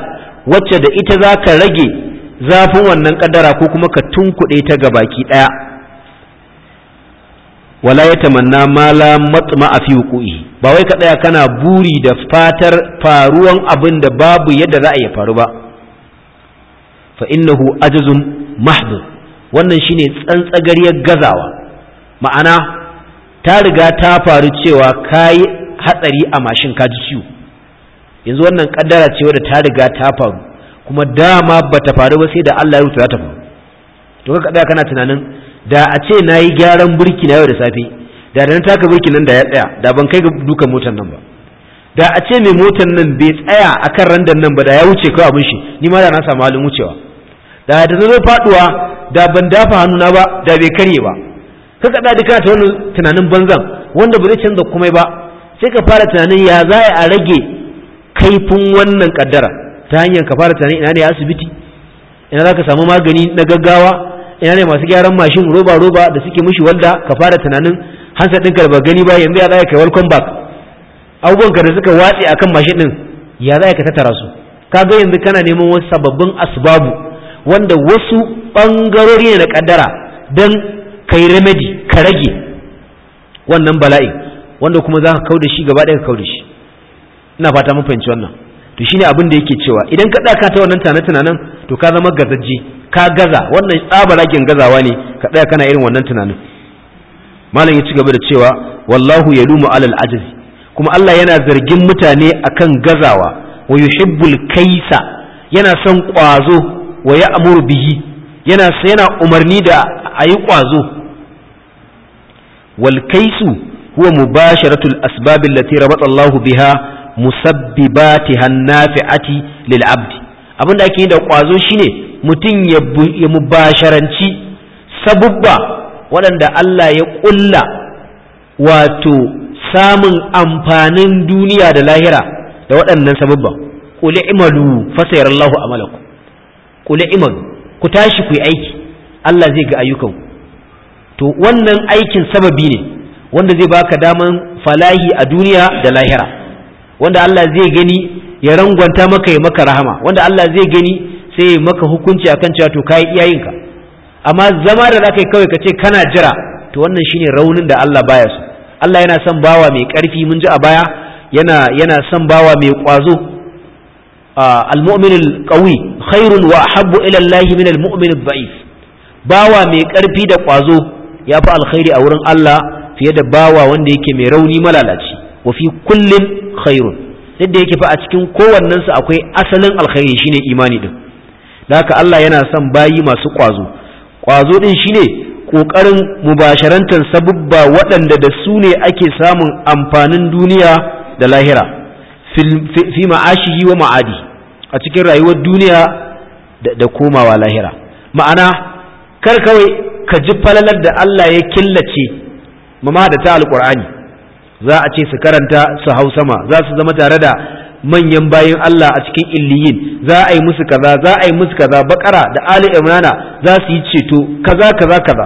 A: wacce da ita za ka rage zafin wannan kaddara ko kuma ka tunkuɗe ta ga baki ɗaya wala ya tamanna ma la matma a fi ba wai ka kana buri da fatar faruwan abin da babu yadda za a ya faru ba fa innahu ajazun mahdud wannan shine tsantsagariyar gazawa ma'ana ta riga ta faru cewa kayi hatsari a mashin ka ji ciwo yanzu wannan kaddara ce wadda ta riga ta faru kuma dama ba ta faru ba sai da Allah ya rubuta ta faru to ka kada kana tunanin da a ce na gyaran burki na yau da safe da da na taka burki nan da ya tsaya da ban kai dukan motar nan ba da a ce mai motar nan bai tsaya akan randan nan ba da ya wuce kawai abin shi ni ma da na samu halin wucewa da da zo faduwa da ban dafa hannuna ba da bai karye ba ka kada duka ta wani tunanin banzan wanda ba zai canza komai ba sai ka fara tunanin ya za a rage kaifin wannan kaddara ta hanyar ka fara tunanin ina ne asibiti ina za ka samu magani na gaggawa ina ne masu gyaran mashin roba roba da suke mushi walda ka fara tunanin hansa ɗinka da ba gani ba yanzu ya za ka welcome back abubuwan da suka watse akan mashin ɗin ya za ka tattara su ka ga yanzu kana neman wasu sababbin asbabu wanda wasu ɓangarori ne na kaddara don kai remedy ka rage wannan bala'i wanda kuma za ka kau da shi gaba ɗaya ka kau shi ina fata mun fahimci wannan to shine abin da yake cewa idan ka daka ta wannan tana tunanin to ka zama gazaji ka gaza wannan tsabaragen gazawa ne ka daya kana irin wannan tunanin malam ya ci gaba da cewa wallahu yalumu alal ajz kuma Allah yana zargin mutane akan gazawa wa yuhibbul kaisa yana son kwazo wa ya'muru bihi yana yana umarni da ayi kwazo wal kaisu huwa mubasharatul asbab allati rabata Allahu biha musabbibati hannafi'ati lil abdi abinda ake yi da kwazo shine mutum ya mubasharanci sabubba waɗanda Allah ya ƙulla wato samun amfanin duniya da lahira da waɗannan sabubban kuli imalu fasayar Allah amalaku kuli imalu ku tashi ku aiki Allah zai ga ayyukan to wannan aikin sababi ne wanda zai baka daman falahi a duniya da lahira wanda Allah zai gani ya rangwanta maka ya maka rahama wanda Allah zai gani sai ya maka hukunci akan cewa to kai iyayenka amma zama da zaka kawai ka ce kana jira to wannan shine raunin da Allah baya so Allah yana son bawa mai karfi mun ji a baya yana yana son bawa mai kwazo al-mu'min al-qawi khairun wa ahabbu ila min al-mu'min al bawa mai ƙarfi da ƙwazo ya fi alkhairi a wurin Allah fiye da bawa wanda yake mai rauni malalaci wa fi kullin khairun yadda yake fa a cikin kowannen akwai asalin alkhairi shine imani din da haka Allah yana son bayi masu kwazo kwazo din shine kokarin mubasharantar sabubba waɗanda da su ne ake samun amfanin duniya da lahira fi ma'ashihi wa ma'adi a cikin rayuwar duniya da komawa lahira ma'ana kar kawai ka ji falalar da Allah ya killace mama da ta alƙur'ani za a ce su karanta su hau sama za su zama tare da manyan bayin Allah a cikin illiyin za a yi musu kaza za a yi musu kaza bakara da ali imrana za su yi ceto kaza kaza kaza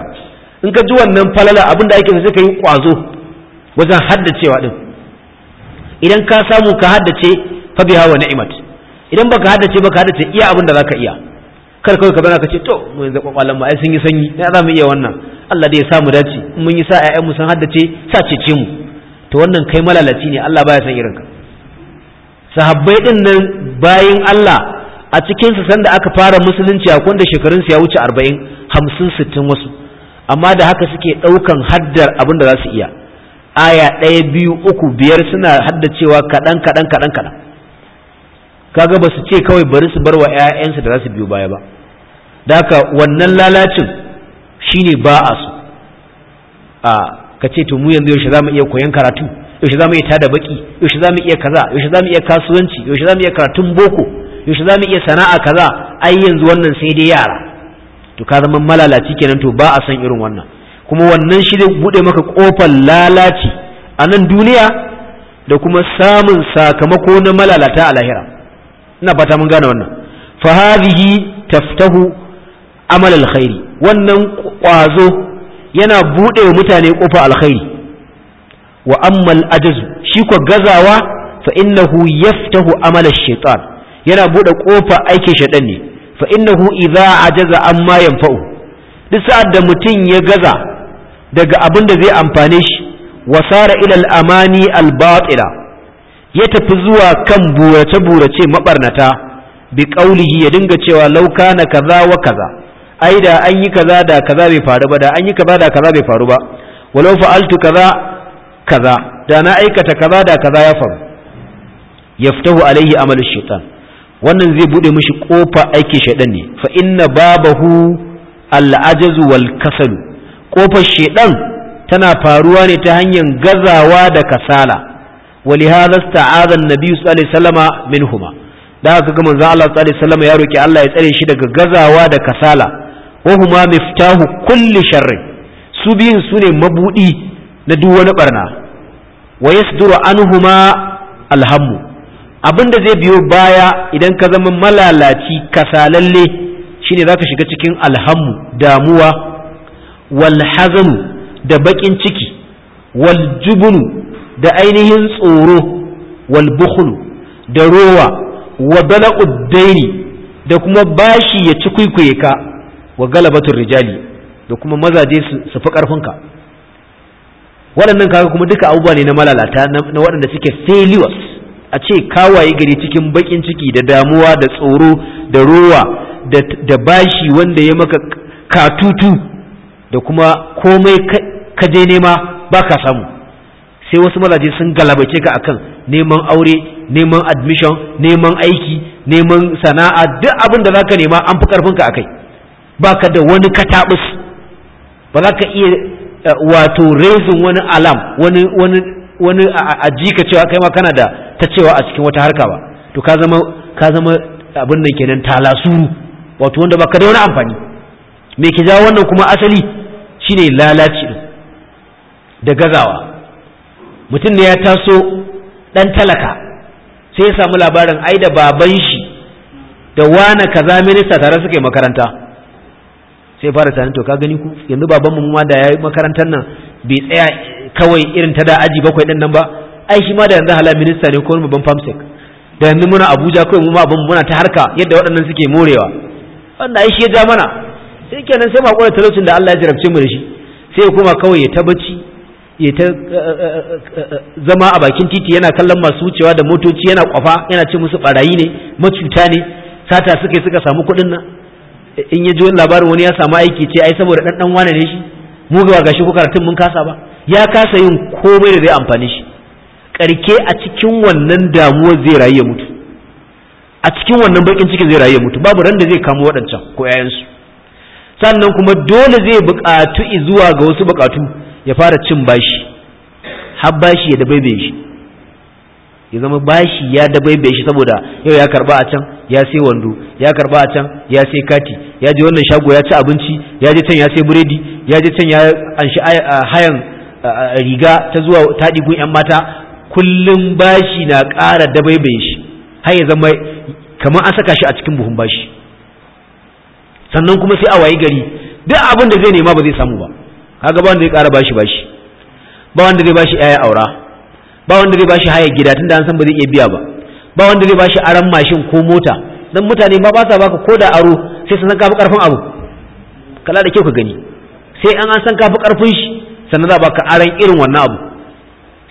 A: in ka ji wannan falala abin da ake sai ka yi kwazo wajen haddacewa din idan ka samu ka haddace fa biha wa ni'mat idan baka haddace baka haddace iya abin da zaka iya kar kawai ka bana ka ce to mu yanzu kwakwalan mu ai sun yi sanyi na za mu iya wannan Allah da ya samu dace mun yi sa ƴaƴan mu sun haddace sa cece mu to wannan kai malalaci ne Allah baya san irinka sahabbai din nan bayin Allah a cikin su sanda aka fara musulunci a kunda shekarun su ya wuce 40 50 60 wasu amma da haka suke daukan haddar abin da za su iya aya ɗaya biyu uku biyar suna haddacewa kaɗan kaɗan kaɗan kaɗan kaga ba su ce kawai bari su bar wa 'ya'yansu da za su biyo baya ba da haka wannan lalacin shine ba a su a ka ce to mu yanzu yaushe za mu iya koyon karatu yaushe za mu iya tada baki yaushe za mu iya kaza yaushe za mu iya kasuwanci yaushe za mu iya karatun boko yaushe za mu iya sana'a kaza ai yanzu wannan sai dai yara to ka zama malalaci kenan to ba a san irin wannan kuma wannan shi zai bude maka kofar lalaci a nan duniya da kuma samun sakamako na malalata a lahira ina fata mun gane wannan fa hadhihi taftahu amal alkhairi wannan kwazo yana buɗe mutane ƙofa alkhairi wa ammal ajazu shi ko gazawa fa innahu yaftahu amala shaitan yana buɗe ƙofa aikin shaitan ne fa innahu idza ajaza amma yanfa'u duk sa'ad da mutum ya gaza daga abin da zai amfane shi wasara ila al-amani al-batila ya tafi zuwa kan burace burace mabarnata bi qaulihi ya dinga cewa law kana kaza wa kaza ai da an yi kaza da kaza bai faru ba da an yi kaza da kaza bai faru ba walau fa'altu kaza kaza da na aikata kaza da kaza ya faru yaftahu alaihi amalu shaitan wannan zai bude mishi kofa aiki shaitan ne fa inna babahu al'ajazu wal kasalu kofar shaitan tana faruwa ne ta hanyar gazawa da kasala ولهذا استعاذ النبي صلى الله عليه وسلم منهما da haka ga manzo Allah sallallahu alaihi wasallam ya roki Allah ya tsare shi daga gazawa da kasala wa huma miftahu kulli sharri su biyin su ne mabudi na duk wani barna wa yasduru anhuma alhammu da zai biyo baya idan ka zama malalaci kasalalle shine zaka shiga cikin alhammu damuwa wal hazanu da bakin ciki wal jubunu da ainihin tsoro wal bukhlu da rowa wa balaqud daini da kuma bashi ya ci kwaikwaye ka wa galabatul rijali da kuma mazaje su fi karfinka waɗannan kaga kuma duka abubuwa ne na malalata na waɗanda suke failures a ce kawaye gari cikin bakin ciki da damuwa da tsoro da rowa da bashi wanda ya maka katutu da kuma komai ka je nema ba ka samu sai wasu mazaje sun galabace ka akan neman aure neman admission neman aiki neman sana'a duk abin da zaka nema an fi karfinka kai. baka da wani kataɓus ba za ka iya eh, wato raising wani alam wani wani wani ka cewa kai ma kana da ta cewa a cikin wata harka ba to ka zama ka zama abin nan kenan talasuru wato wanda baka da wani amfani me ke jawo wannan kuma asali shine lalaci da gazawa mutum ne ya taso dan talaka sai ya samu labarin ai da baban shi da wana kaza minista tare suka makaranta sai fara tunanin to ka gani ku yanzu baban mu ma da yayi makarantar nan bai tsaya kawai irin ta da aji bakwai din nan ba ai shi ma da yanzu hala minista ne ko babban famsek da yanzu muna Abuja kawai mu ma abin muna ta harka yadda waɗannan suke morewa wanda ai shi ya ja mana sai kenan sai mu kwara talaucin da Allah ya jarabce mu da shi sai kuma kawai ya ta ya ta eh, eh, eh, zama a bakin titi yana kallon masu wucewa da motoci yana kwafa yana ce musu barayi ne macuta ne sata suka suka samu kuɗin nan in ya ji wani labarin wani ya samu aiki ce ai saboda dan dan wane ne shi mu ga gashi ko karatun mun kasa ba ya kasa yin komai da zai amfani shi karke a cikin wannan damuwar zai rayu ya mutu a cikin wannan bakin cikin zai rayu ya mutu babu ran da zai kamo waɗancan ko yayansu sannan kuma dole zai buƙatu zuwa ga wasu buƙatu ya fara cin bashi har bashi ya dabaibe shi ya zama bashi ya dabaibe shi saboda yau ya karba a can ya sai wando ya karba a can ya sai kati ya je wannan shago ya ci abinci ya je can ya sai buredi ya je can ya anshi hayan riga ta zuwa ta taɗigun 'yan mata kullum bashi na ƙara dabaibaye shi har ya zama kamar an saka shi a cikin buhun bashi sannan kuma sai a wayi gari duk abin da zai nema ba zai samu ba kaga ba wanda zai ƙara bashi bashi ba wanda zai bashi yaya aura ba wanda zai bashi haya gida tunda an san ba zai iya biya ba ba wanda zai bashi aran mashin ko mota dan mutane ba ba sa baka ko da aro sai san kafi karfin abu kala da kyau ka gani sai an an san kafi karfin shi sannan za baka aran irin wannan abu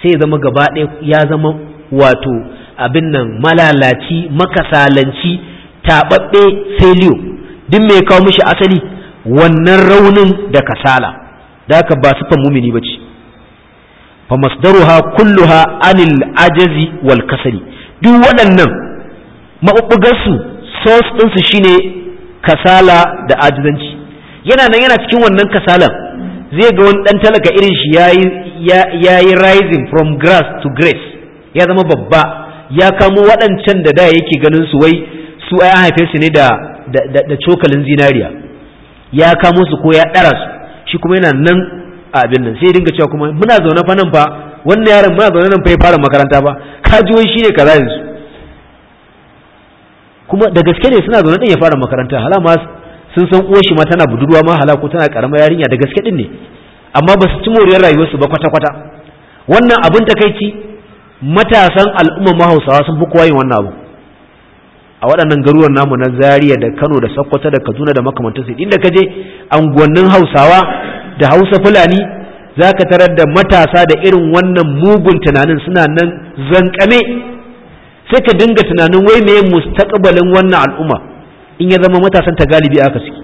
A: sai ya zama gaba ɗaya ya zama wato abin nan malalaci makasalanci taɓaɓɓe sai duk mai kawo mishi asali wannan raunin da kasala da haka ba fan mumini ba ce fa masdaruha kulluha anil ajazi wal kasali duk waɗannan maɓuɓɓugarsu source ɗinsu shine kasala da ajizanci yana nan yana cikin wannan kasalan zai ga wani ɗan talaka irin shi ya yi rising from grass to grace ya zama babba ya kamo waɗancan da da yake ganin su wai su ai an su ne da da cokalin zinariya ya kamo su ko ya ɗara su shi kuma yana nan a abin nan sai dinga cewa kuma muna zaune fa nan fa wannan yaron muna zaune nan fa ya fara makaranta ba ka ji wai shine kaza yanzu kuma da gaske ne suna zaune din ya fara makaranta hala ma sun san uwar shi ma tana budurwa ma hala ko tana karama yarinya da gaske din ne amma ba su ci moriyar rayuwarsu ba kwata kwata wannan abin takaici matasan al'umma hausawa sun fi kowa yin wannan abu a waɗannan garuruwan namu na Zaria da Kano da Sokoto da Kaduna da makamantansu inda kaje je anguwannin Hausawa da Hausa Fulani za ka tarar da matasa da irin wannan mugun tunanin suna nan zankame sai ka dinga tunanin wai meye mustaqbalin wannan al'umma in ya zama matasan ta galibi aka suke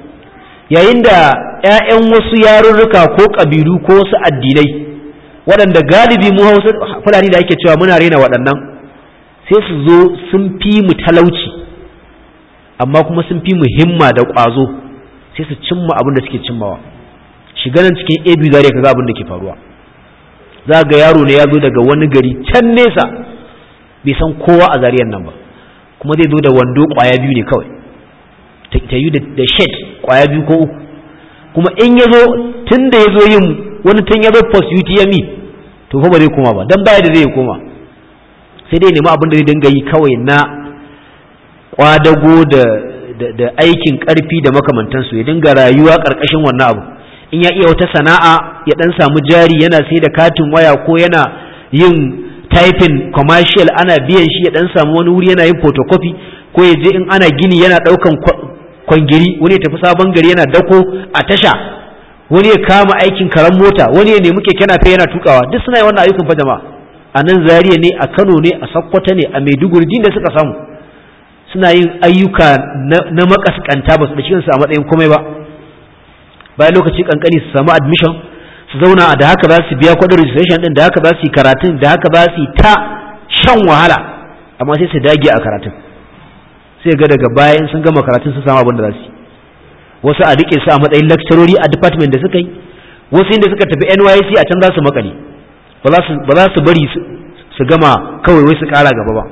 A: yayin da 'ya'yan wasu yarurruka ko ƙabilu ko wasu addinai waɗanda galibi mu hausa fulani da ake cewa muna rena waɗannan sai su zo sun fi mu talauci amma kuma sun fi mu himma da ƙwazo sai su cimma abin da suke cimmawa shiga nan cikin AB zare ka ga abin da ke faruwa za ga yaro ne ya zo daga wani gari can nesa bai san kowa a zariyan nan ba kuma zai zo da wando kwaya biyu ne kawai ta yi da shed kwaya biyu ko uku kuma in ya zo tun da ya zo yin wani tun ya zo post UTME to fa ba zai koma ba dan baya da zai koma sai dai nemi abin da zai dinga yi kawai na kwadago da da aikin karfi da makamantansu ya dinga rayuwa karkashin wannan abu in ya iya wata sana'a ya dan samu jari yana sai da katin waya ko yana yin typing commercial ana biyan shi ya dan samu wani wuri yana yin photocopy ko ya je in ana gini yana daukan kwangiri wani ya tafi sabon gari yana dako a tasha wani ya kama aikin karan mota wani ya nemi keke nafe yana tukawa duk suna wannan ayyukan fa a nan Zariya ne a Kano ne a Sokoto ne a Maiduguri din da suka samu suna yin ayyuka na makaskanta ba su da shi a matsayin komai ba bayan lokaci kankani su samu admission su zauna da haka ba su biya kwadar registration din da haka ba su karatun da haka ba su ta shan wahala amma sai su dage a karatun sai ga daga baya sun gama karatun su samu abin da za su wasu a rike su a matsayin lecturer a department da suka yi wasu inda suka tafi NYC a can za su makale ba za su bari su gama kawai wai su kara gaba ba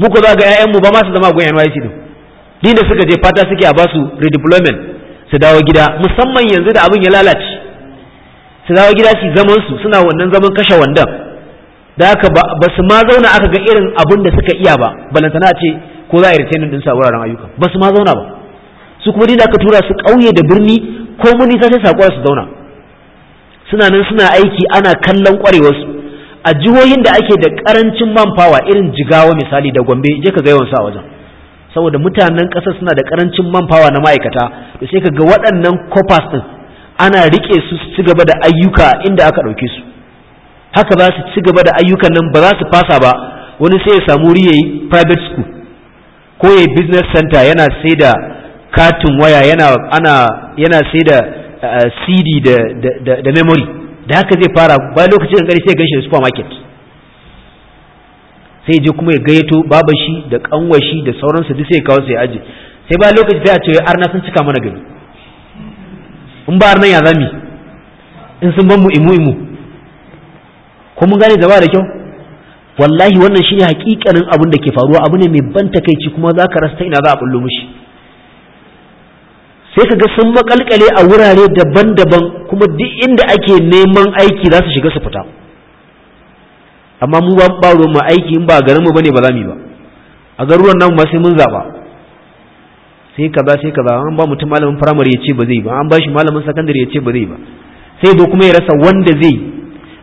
A: muku za ga 'ya'yanmu ba ma su zama gwan NYC din din da suka je fata suke a ba su redeployment su dawo gida musamman yanzu da abin ya lalace su dawo gida su zaman su suna wannan zaman kashe wandan da haka ba su ma zauna aka ga irin abin da suka iya ba balantana ce ko za a yi din sa wuraren ayyuka ba su ma zauna ba su kuma da aka tura su ƙauye da birni ko mun nisa sai saƙuwa su zauna suna nan suna aiki ana kallon ƙwarewarsu a jihohin da ake da ƙarancin manfawa irin jigawa misali da gombe je ka ga yawan sa wajen saboda mutanen ƙasa suna da ƙarancin manfawa na ma'aikata to sai ka ga waɗannan copas ɗin ana riƙe su su ci gaba da ayyuka inda aka ɗauke su haka za su ci gaba da ayyukan nan ba za su fasa ba wani sai ya samu wuri yi private school ko ya business center yana sai da katin waya yana ana yana sai eh, eh, da cd da, memory da haka zai fara bayan lokacin ƙarshe sai ya ganshi da supermarket sai je kuma ya gayyato babashi da kanwashi da sauransu duk sai kawo sai aji sai ba lokaci sai a ce arna sun cika mana gari in ba arna ya zami in sun ban mu imu imu ko mun gane jama'a da kyau wallahi wannan shine hakikanin abin da ke faruwa abu ne mai ban takaici kuma za ka rasta ina za a bullo mushi sai ka ga sun makalkale a wurare daban-daban kuma duk inda ake neman aiki za su shiga su fita amma mu ba ba ruwan mu aiki in ba garin mu bane ba za mu yi ba a garuruwan nan ma sai mun zaba sai kaza sai kaza an ba mutum malamin firamare ya ce ba zai ba an ba shi malamin sakandare ya ce ba zai ba sai do kuma ya rasa wanda zai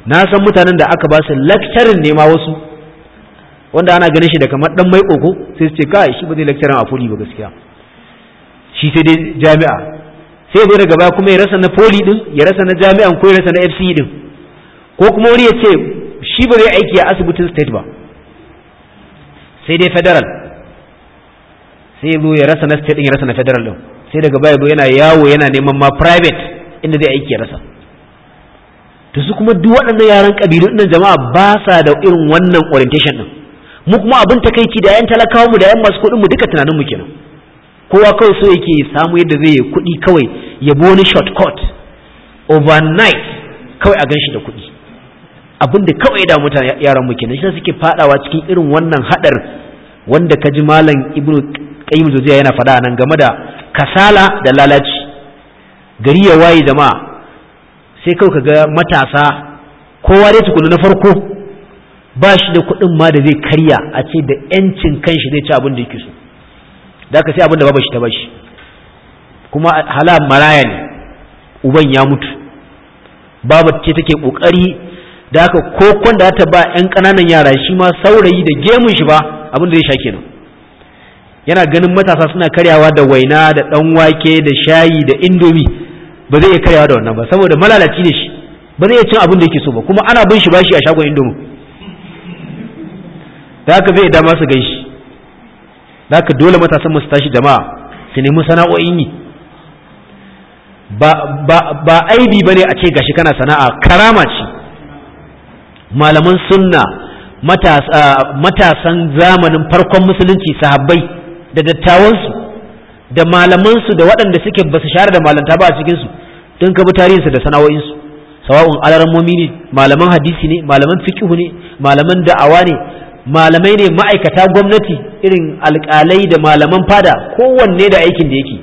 A: na san mutanen da aka ba su lakcarin ne ma wasu wanda ana ganin shi da kamar dan mai koko sai su ce kai shi ba zai lakcarin a foli ba gaskiya shi sai dai jami'a sai bai daga baya kuma ya rasa na foli din ya rasa na jami'an ko ya rasa na fc din e ko kuma wani ya ce shi ba zai aiki a asibitin state ba sai dai federal sai zo ya rasa na state din ya rasa na federal din sai daga baya yana yawo yana neman ma private inda zai aiki ya rasa Ta su kuma duk waɗannan yaran ƙabilu ɗin jama'a ba sa da irin wannan orientation ɗin mu kuma abin takaici da yan talakawa mu da yan masu kuɗin mu duka tunanin mu kenan kowa kawai so yake samu yadda zai yi kuɗi kawai ya bi wani shortcut overnight kawai a ganshi da kuɗi abin da kawai da mutane yaran muke kenan shi suke fadawa cikin irin wannan hadar wanda ka ji malam ibnu qayyim zuziya yana fada nan game da kasala da lalaci gari ya waye jama'a sai kawai kaga matasa kowa dai tukuna na farko ba shi da kuɗin ma da zai karya a ce da yancin shi zai ci abin da yake so da ka sai abin da babu shi ta bashi kuma hala maraya ne uban ya mutu babu ce take kokari da haka ko kwanda ta ba yan ƙananan yara shi ma saurayi da gemun shi ba abin da zai sha kenan yana ganin matasa suna karyawa da waina da ɗan wake da shayi da indomi ba zai iya karyawa da wannan ba saboda malalaci ne shi ba zai iya cin abin da yake so ba kuma ana bin shi bashi a shagon indomi da haka zai dama su gan shi da haka dole matasan su tashi jama'a su nemi sana'o'in yi ba aibi ba ne a ce gashi kana sana'a karama ce malaman sunna matasan zamanin farkon musulunci sahabbai da dattawansu da malamansu da waɗanda suke basu share da malanta ba a cikinsu don ka bi tarihinsu da sana'o'insu sawa'un alarmomi ne malaman hadisi ne malaman fikihu ne malaman da'awa ne malamai ne ma'aikata gwamnati irin alƙalai da malaman fada kowanne da aikin da yake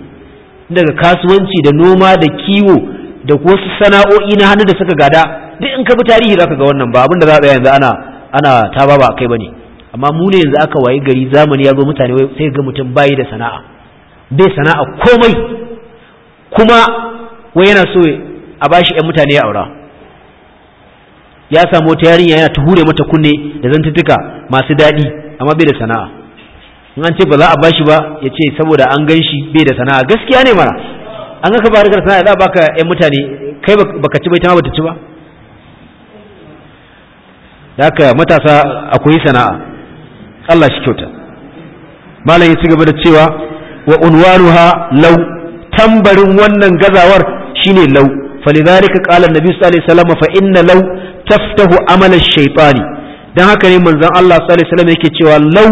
A: daga kasuwanci da noma da kiwo da wasu sana'o'i na hannu da suka gada duk in ka bi tarihi zaka ga wannan ba abinda za a yanzu ana ana ta ba kai bane amma mu ne yanzu aka wayi gari zamani ya zo mutane sai ga mutum bayi da sana'a bai sana'a komai kuma wai yana so a bashi yan mutane ya aura ya samu wata yarinya yana ta hure mata kunne da zantuttuka masu daɗi amma bai da sana'a in an ce ba za a bashi ba ya ce saboda an gan shi bai da sana'a gaskiya ne mana an ga ka ba harkar sana'a da baka yan mutane kai baka ci bai ta bata ci ba da haka matasa akwai sana'a Allah shi kyauta malam su gaba da cewa wa unwanuha law tambarin wannan gazawar shine law falidhalika qala an-nabi sallallahu alaihi wasallam fa inna law taftahu amal ash-shaytani dan haka ne manzon Allah sallallahu alaihi wasallam yake cewa law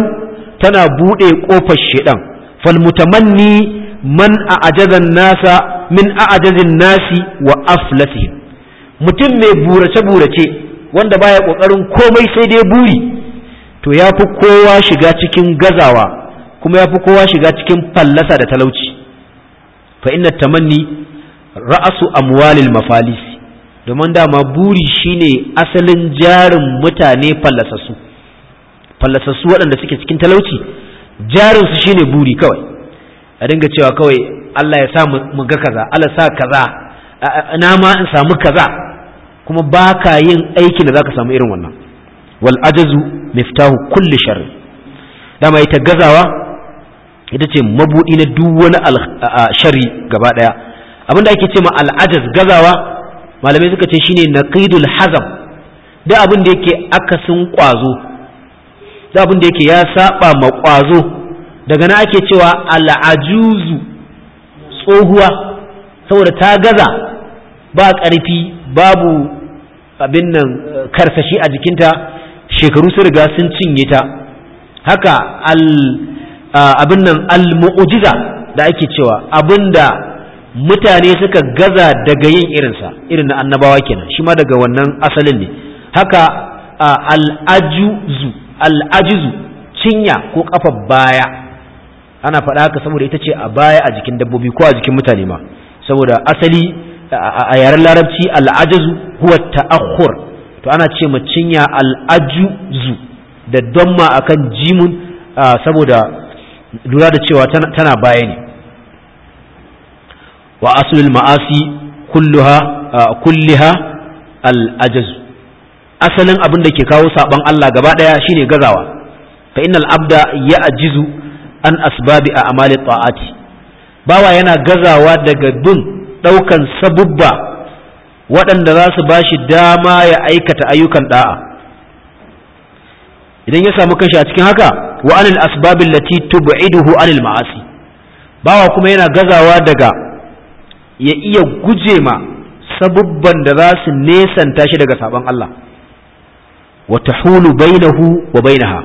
A: tana bude kofar shedan fal mutamanni man a'ajazan nasa min a'ajazin nasi wa aflatihim mutum mai burace burace wanda baya kokarin komai sai dai buri to yafi kowa shiga cikin gazawa kuma yafi kowa shiga cikin fallasa da talauci fa inna tamanni ra'asu amwalil mafalis domin dama buri shine asalin jarin mutane fallasassu fallasassu waɗanda suke cikin talauci jarinsu shine buri kawai a dinga cewa kawai Allah ya sa mu ga kaza Allah sa kaza na ma in samu kaza kuma baka yin aiki da zaka samu irin wannan wal ajazu miftahu kulli shar dama ita gazawa ita ce mabudi na duk wani shari gaba daya abinda ake ce ma al ajaz gazawa malamai suka ce shine naqidul hazam duk abin da yake akasin kwazo duk abin da yake ya saba ma kwazo daga na ake cewa al'ajuzu tsohuwa saboda ta gaza ba ƙarfi babu abin nan karsashi a jikinta shekaru su riga sun cinye ta haka abin nan al-mu'ujiza da ake cewa abin da mutane suka gaza daga yin irinsa irin na annabawa kenan shi ma daga wannan asalin ne haka al'ajuzu al'ajuzu cinya ko kafa baya ana faɗa haka saboda ita ce a baya a jikin dabbobi ko a jikin mutane ma saboda asali a yaren larabci al'ajazu huwa ta'akhur to ana ce ma cinya al'ajuzu da damma akan jimun saboda lura da cewa tana baya ne wa aslul ma'asi kulluha kulliha al'ajazu asalin abin da ke kawo saban Allah gaba daya shine gazawa fa innal abda ajizu. an asbabi a amali ta'ati bawa yana gazawa daga bin ɗaukan sabubba waɗanda za su ba shi dama ya aikata ayyukan ɗa'a idan ya samu kashi a cikin haka wa anil asbabin lati tub'iduhu anil ma'asi bawa kuma yana gazawa daga ya iya guje ma sabubban da za su nesanta shi daga sabon Allah wa tahulu bainahu wa bainaha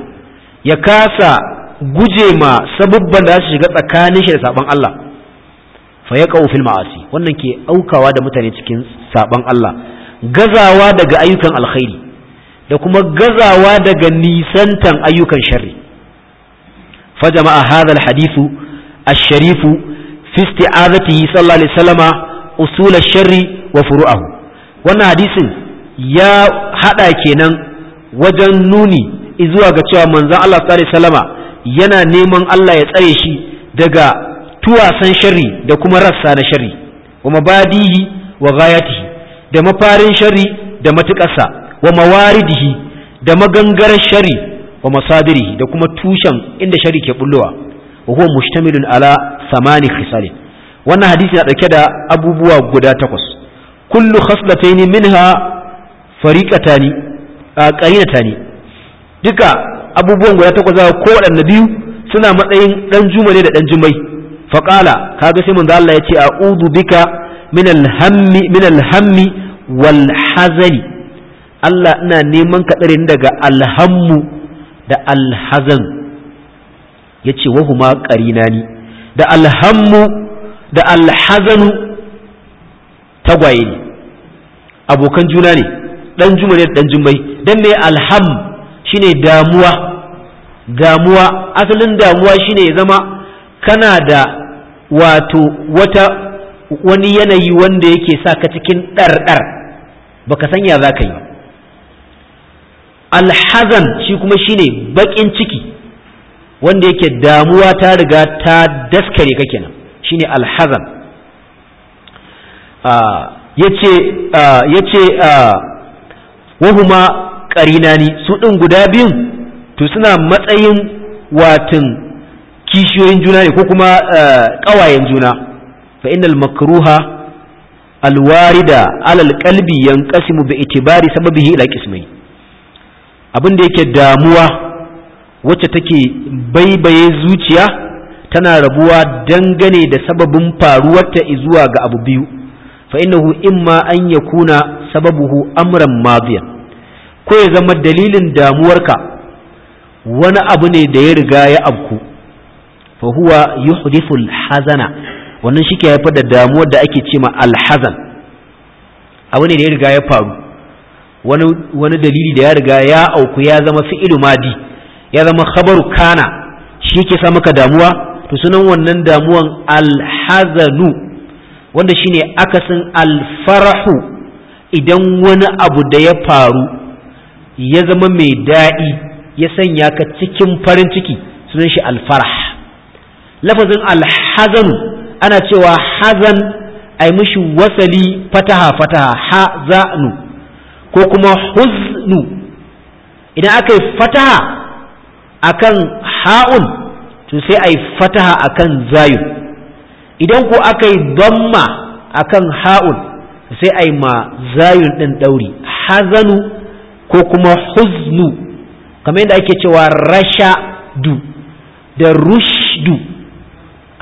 A: ya kasa guje ma sabubban da za su shiga tsakanin shi da saban Allah fa ya kawo fil ma'asi wannan ke aukawa da mutane cikin saban Allah gazawa daga ayyukan alkhairi da kuma gazawa daga nisantan ayyukan sharri fa jama'a hadha alhadithu ash-sharifu fi isti'azatihi sallallahu alaihi sharri wa furu'ahu wannan hadisin ya hada kenan wajen nuni izuwa ga cewa manzon Allah sallallahu salama. yana neman Allah ya tsare shi daga tuwasan shari da kuma rassa na shari. wa mabadihi wa ghayatihi da mafarin shari da matukarsa wa mawaridihi da magangarar shari wa masadiri da kuma tushen inda shari ke bullowa wa huwa mustamilun ala samani khisali wannan hadisi na dauke da abubuwa guda takwas kullu khaslataini minha fariqatani qarinatani duka abubuwan guda takwas za ko waɗanne biyu suna matsayin ɗan juma ne da ɗan jumai ka kaga sai manzo Allah ya ce a'udhu bika min alhammi hammi min wal hazani Allah ina neman ka tsare daga alhammu da alhazan yace wahuma qarinani da alhammu da alhazanu tagwaye ne abokan juna ne dan juma ne da dan jumai dan me alham shine damuwa damuwa asalin damuwa shine ya zama kana da wato wata wani yanayi wanda yake sa ka cikin ɗarɗar baka san ya za ka yi alhazan shi kuma shine baƙin ciki wanda yake damuwa ta riga ta daskare ka kenan shine alhazan ah, yace ah, yace ah, wahuma Ƙarina ne su ɗin guda biyun to suna matsayin watan kishiyoyin juna ne ko kuma eh, ƙawayen juna fa innal makruha alwarida alal qalbi yanqasimu bi itibari sababihi ila qismai abin da yake damuwa wacce take baibaye zuciya tana rabuwa dangane da sababin faruwarta zuwa ga abu biyu fa innahu imma an yakuna sababuhu amran madiyan ko ya zama dalilin damuwarka wani abu ne da ya riga ya abku fa huwa hazana wannan shi ke haifar da damuwar da ake ce alhazan abu ne da ya riga ya faru wani dalili da ya riga ya auku ya zama fi'ilu madi ya zama khabaru kana shi ke sa maka damuwa to sunan wannan damuwan alhazanu wanda shine akasin alfarahu idan wani abu da ya faru ya zama mai daɗi ya sanya ka cikin farin ciki sunan shi alfarah lafazin alhazan ana cewa hazan ai mishi wasali fataha fataha hazanu ko kuma huznu idan aka yi fataha akan ha'un to sai ai fataha akan zayu idan ko aka yi damma akan ha'un sai ai ma zayun ɗin ɗauri hazanu ko kuma huznu kamar yadda ake cewa rashadu da rushdu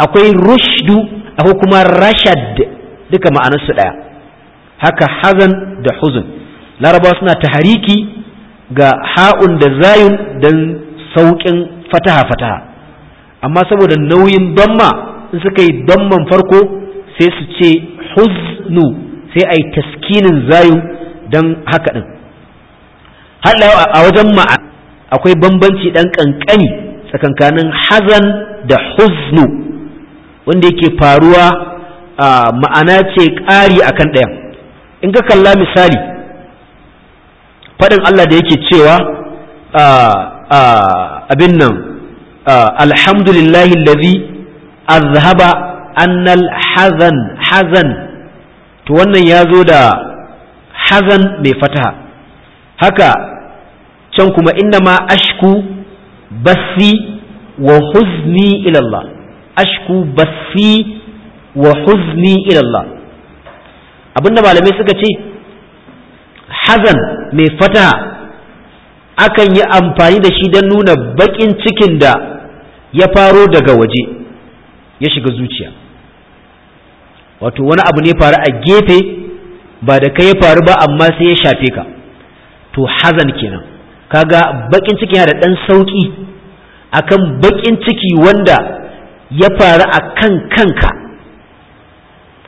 A: akwai rushdu akwai kuma rashad duka ma'anarsu ɗaya haka hazan da huzun larabawa suna tahariki ga ha'un da zayun don sauƙin fataha-fataha amma saboda nauyin damma in suka yi damman farko sai su ce huznu sai a yi taskinin zayun don haka ɗin halla a wajen ma'a akwai bambanci dan kankani tsakankanin hazan da huznu wanda yake faruwa a ma'ana ce ƙari akan ɗayan in ka kalla misali faɗin Allah da yake cewa abin nan alhamdulillahi lazi azhaba annal hazan hazan to wannan ya zo da hazan mai fataha haka can kuma ma ashku basi wa huzni ilallah ashku basi wa huzni ilallah abinda malamai suka ce hazan mai fataha akan yi amfani da shi don nuna baƙin cikin da ya faro daga waje ya shiga zuciya wato wani abu ne faru a gefe ba da kai ya faru ba amma sai ya shafe ka to hazan kenan kaga bakin ciki yana da dan sauki akan bakin ciki wanda ya faru a kan kanka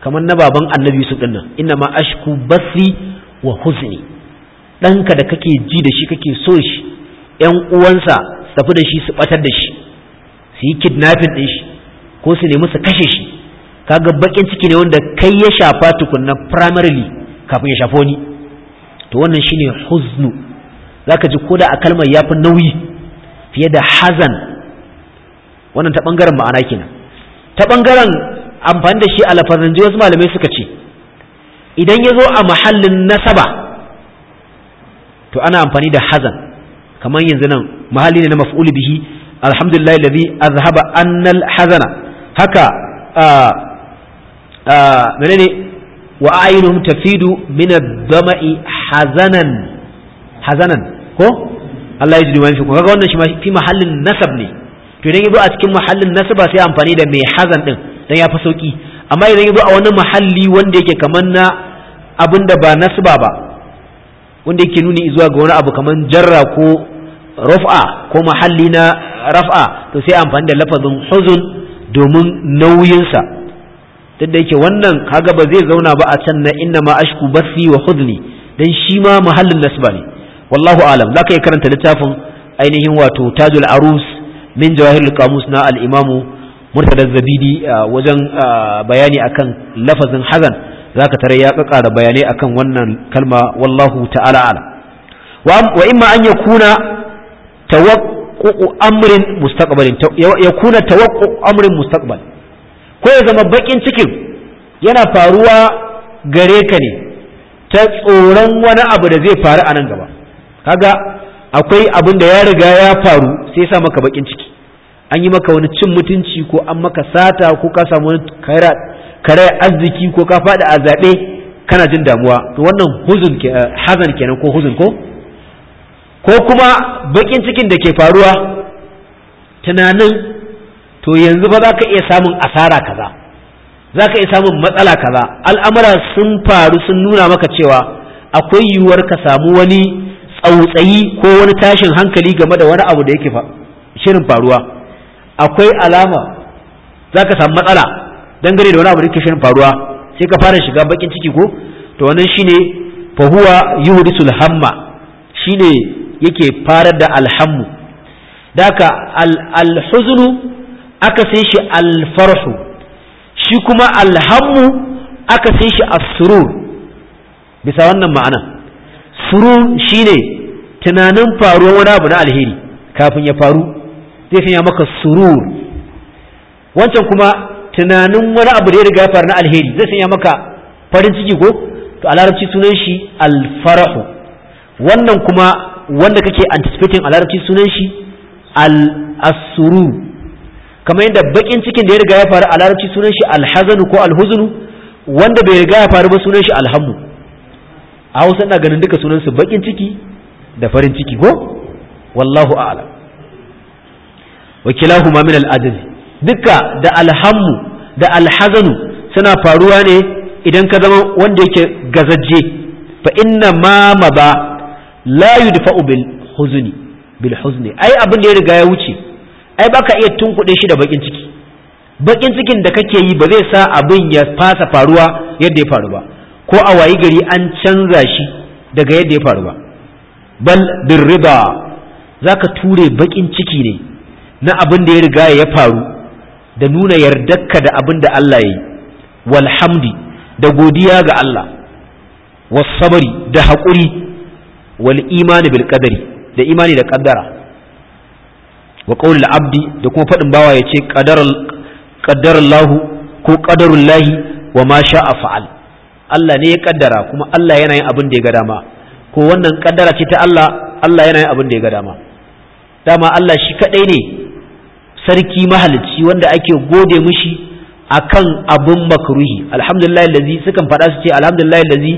A: kamar na baban annabi Yusuf din nan inna ma ashku basri wa huzni ɗanka da kake ji da shi kake so shi ‘yan uwansa su tafi da shi su ɓatar da shi su yi kidnapping ɗin shi ko su nemi su kashe shi kaga bakin ciki ne wanda kai ya shafa tukunna primarily kafin ya shafo ni to wannan shine huznu zaka ji koda a kalmar yafi nauyi fiye da hazan wannan ta bangaren ma'ana kenan ta bangaren amfani da shi a lafazin wasu malamai suka ce idan ya zo a mahallin nasaba to ana amfani da hazan kamar yanzu nan mahalli ne na maf'ul bihi alhamdulillah alladhi azhaba annal hazana haka ah, ah, menene wa ayinuhum tafidu min ad-dama'i hazanan hazanan ko Allah ya ji duwan fi kaga wannan shi fi mahallin nasab ne to idan yazo a cikin mahallin nasaba sai amfani da mai hazan din dan ya fa sauki amma idan yazo a wani mahalli wanda yake kaman na abinda ba nasaba ba wanda yake nuni zuwa ga wani abu kaman jarra ko raf'a ko mahalli na raf'a to sai amfani da lafazin huzun domin nauyinsa duk da yake wannan kaga ba zai zauna ba a can na inna ma ashku bathi wa khudni dan shi ma mahallin nasba ne wallahu alam zaka yi karanta littafin ainihin wato tajul arus min jawahirul qamus na al imamu murtada zabidi wajen bayani akan lafazin hazan zaka tare ya kakkara bayanai akan wannan kalma wallahu ta'ala alam wa imma an yakuna kuna amrin mustaqbalin yakuna amrin ko ya zama bakin cikin yana faruwa gare ka ne ta tsoron wani abu da zai faru a nan gaba kaga akwai abin da ya riga ya faru sai sa maka bakin ciki an yi maka wani cin mutunci ko an maka sata ko ka samu wani kare arziki ko ka faɗi a zaɓe kana jin damuwa to wannan huzun ke hazan kenan ko huzun ko ko kuma bakin cikin da ke faruwa tunanin to yanzu ba za ka iya samun asara kaza za ka iya samun matsala kaza al'amura sun faru sun nuna maka cewa akwai yiwuwar ka samu wani tsautsayi ko wani tashin hankali game da wani abu da yake shirin faruwa akwai alama za ka samu matsala dangane da wani abu da yake shirin faruwa sai ka fara shiga bakin ciki ko to wannan shine fahuwa yuhdisul hamma shine yake farar da alhammu daka alhuzunu aka sai shi alfarhu shi kuma alhammu aka sai shi asurur bisa wannan ma'ana surur shine tunanin faruwar wani abu na alheri kafin ya faru zai sanya maka surur wancan kuma tunanin wani abu da ya riga faru na alheri zai sanya maka farin ciki ko to a larabci sunan shi alfarahu wannan kuma wanda kake anticipating a larabci sunan shi al kamar yadda bakin cikin da ya riga ya faru a larabci sunan shi alhazanu ko alhuzunu wanda bai riga ya faru ba sunan shi alhammu a hausa na ganin duka sunan su bakin ciki da farin ciki ko wallahu a'lam wa kilahuma min al duka da alhammu da alhazanu suna faruwa ne idan ka zama wanda yake gazaje fa inna ma maba la yudfa'u bil huzni bil huzni ai abin da ya riga ya wuce ai ka iya tunkuɗe shi da bakin ciki bakin cikin da kake yi ba zai sa abin ya fasa faruwa yadda ya faru ba ko a wayi gari an canza shi daga yadda ya faru ba bal bin riba, za ka ture bakin ciki ne na abin da ya riga ya faru da nuna yardarka da abin da Allah ya yi walhamdi da godiya ga Allah wasabari da haƙuri wal imani bil qadari da imani da qaddara wa qaulul abdi da kuma faɗin bawa ya ce qadarul lahu ko lahi wa ma sha'a fa'al Allah ne ya ƙaddara kuma Allah yana yin abin da ya ga dama ko wannan ƙaddara ce ta Allah Allah yana yin abin da ya ga dama dama Allah shi kadai ne sarki mahalicci wanda ake gode mishi akan abin makruhi alhamdulillah allazi sukan faɗa su ce alhamdulillah allazi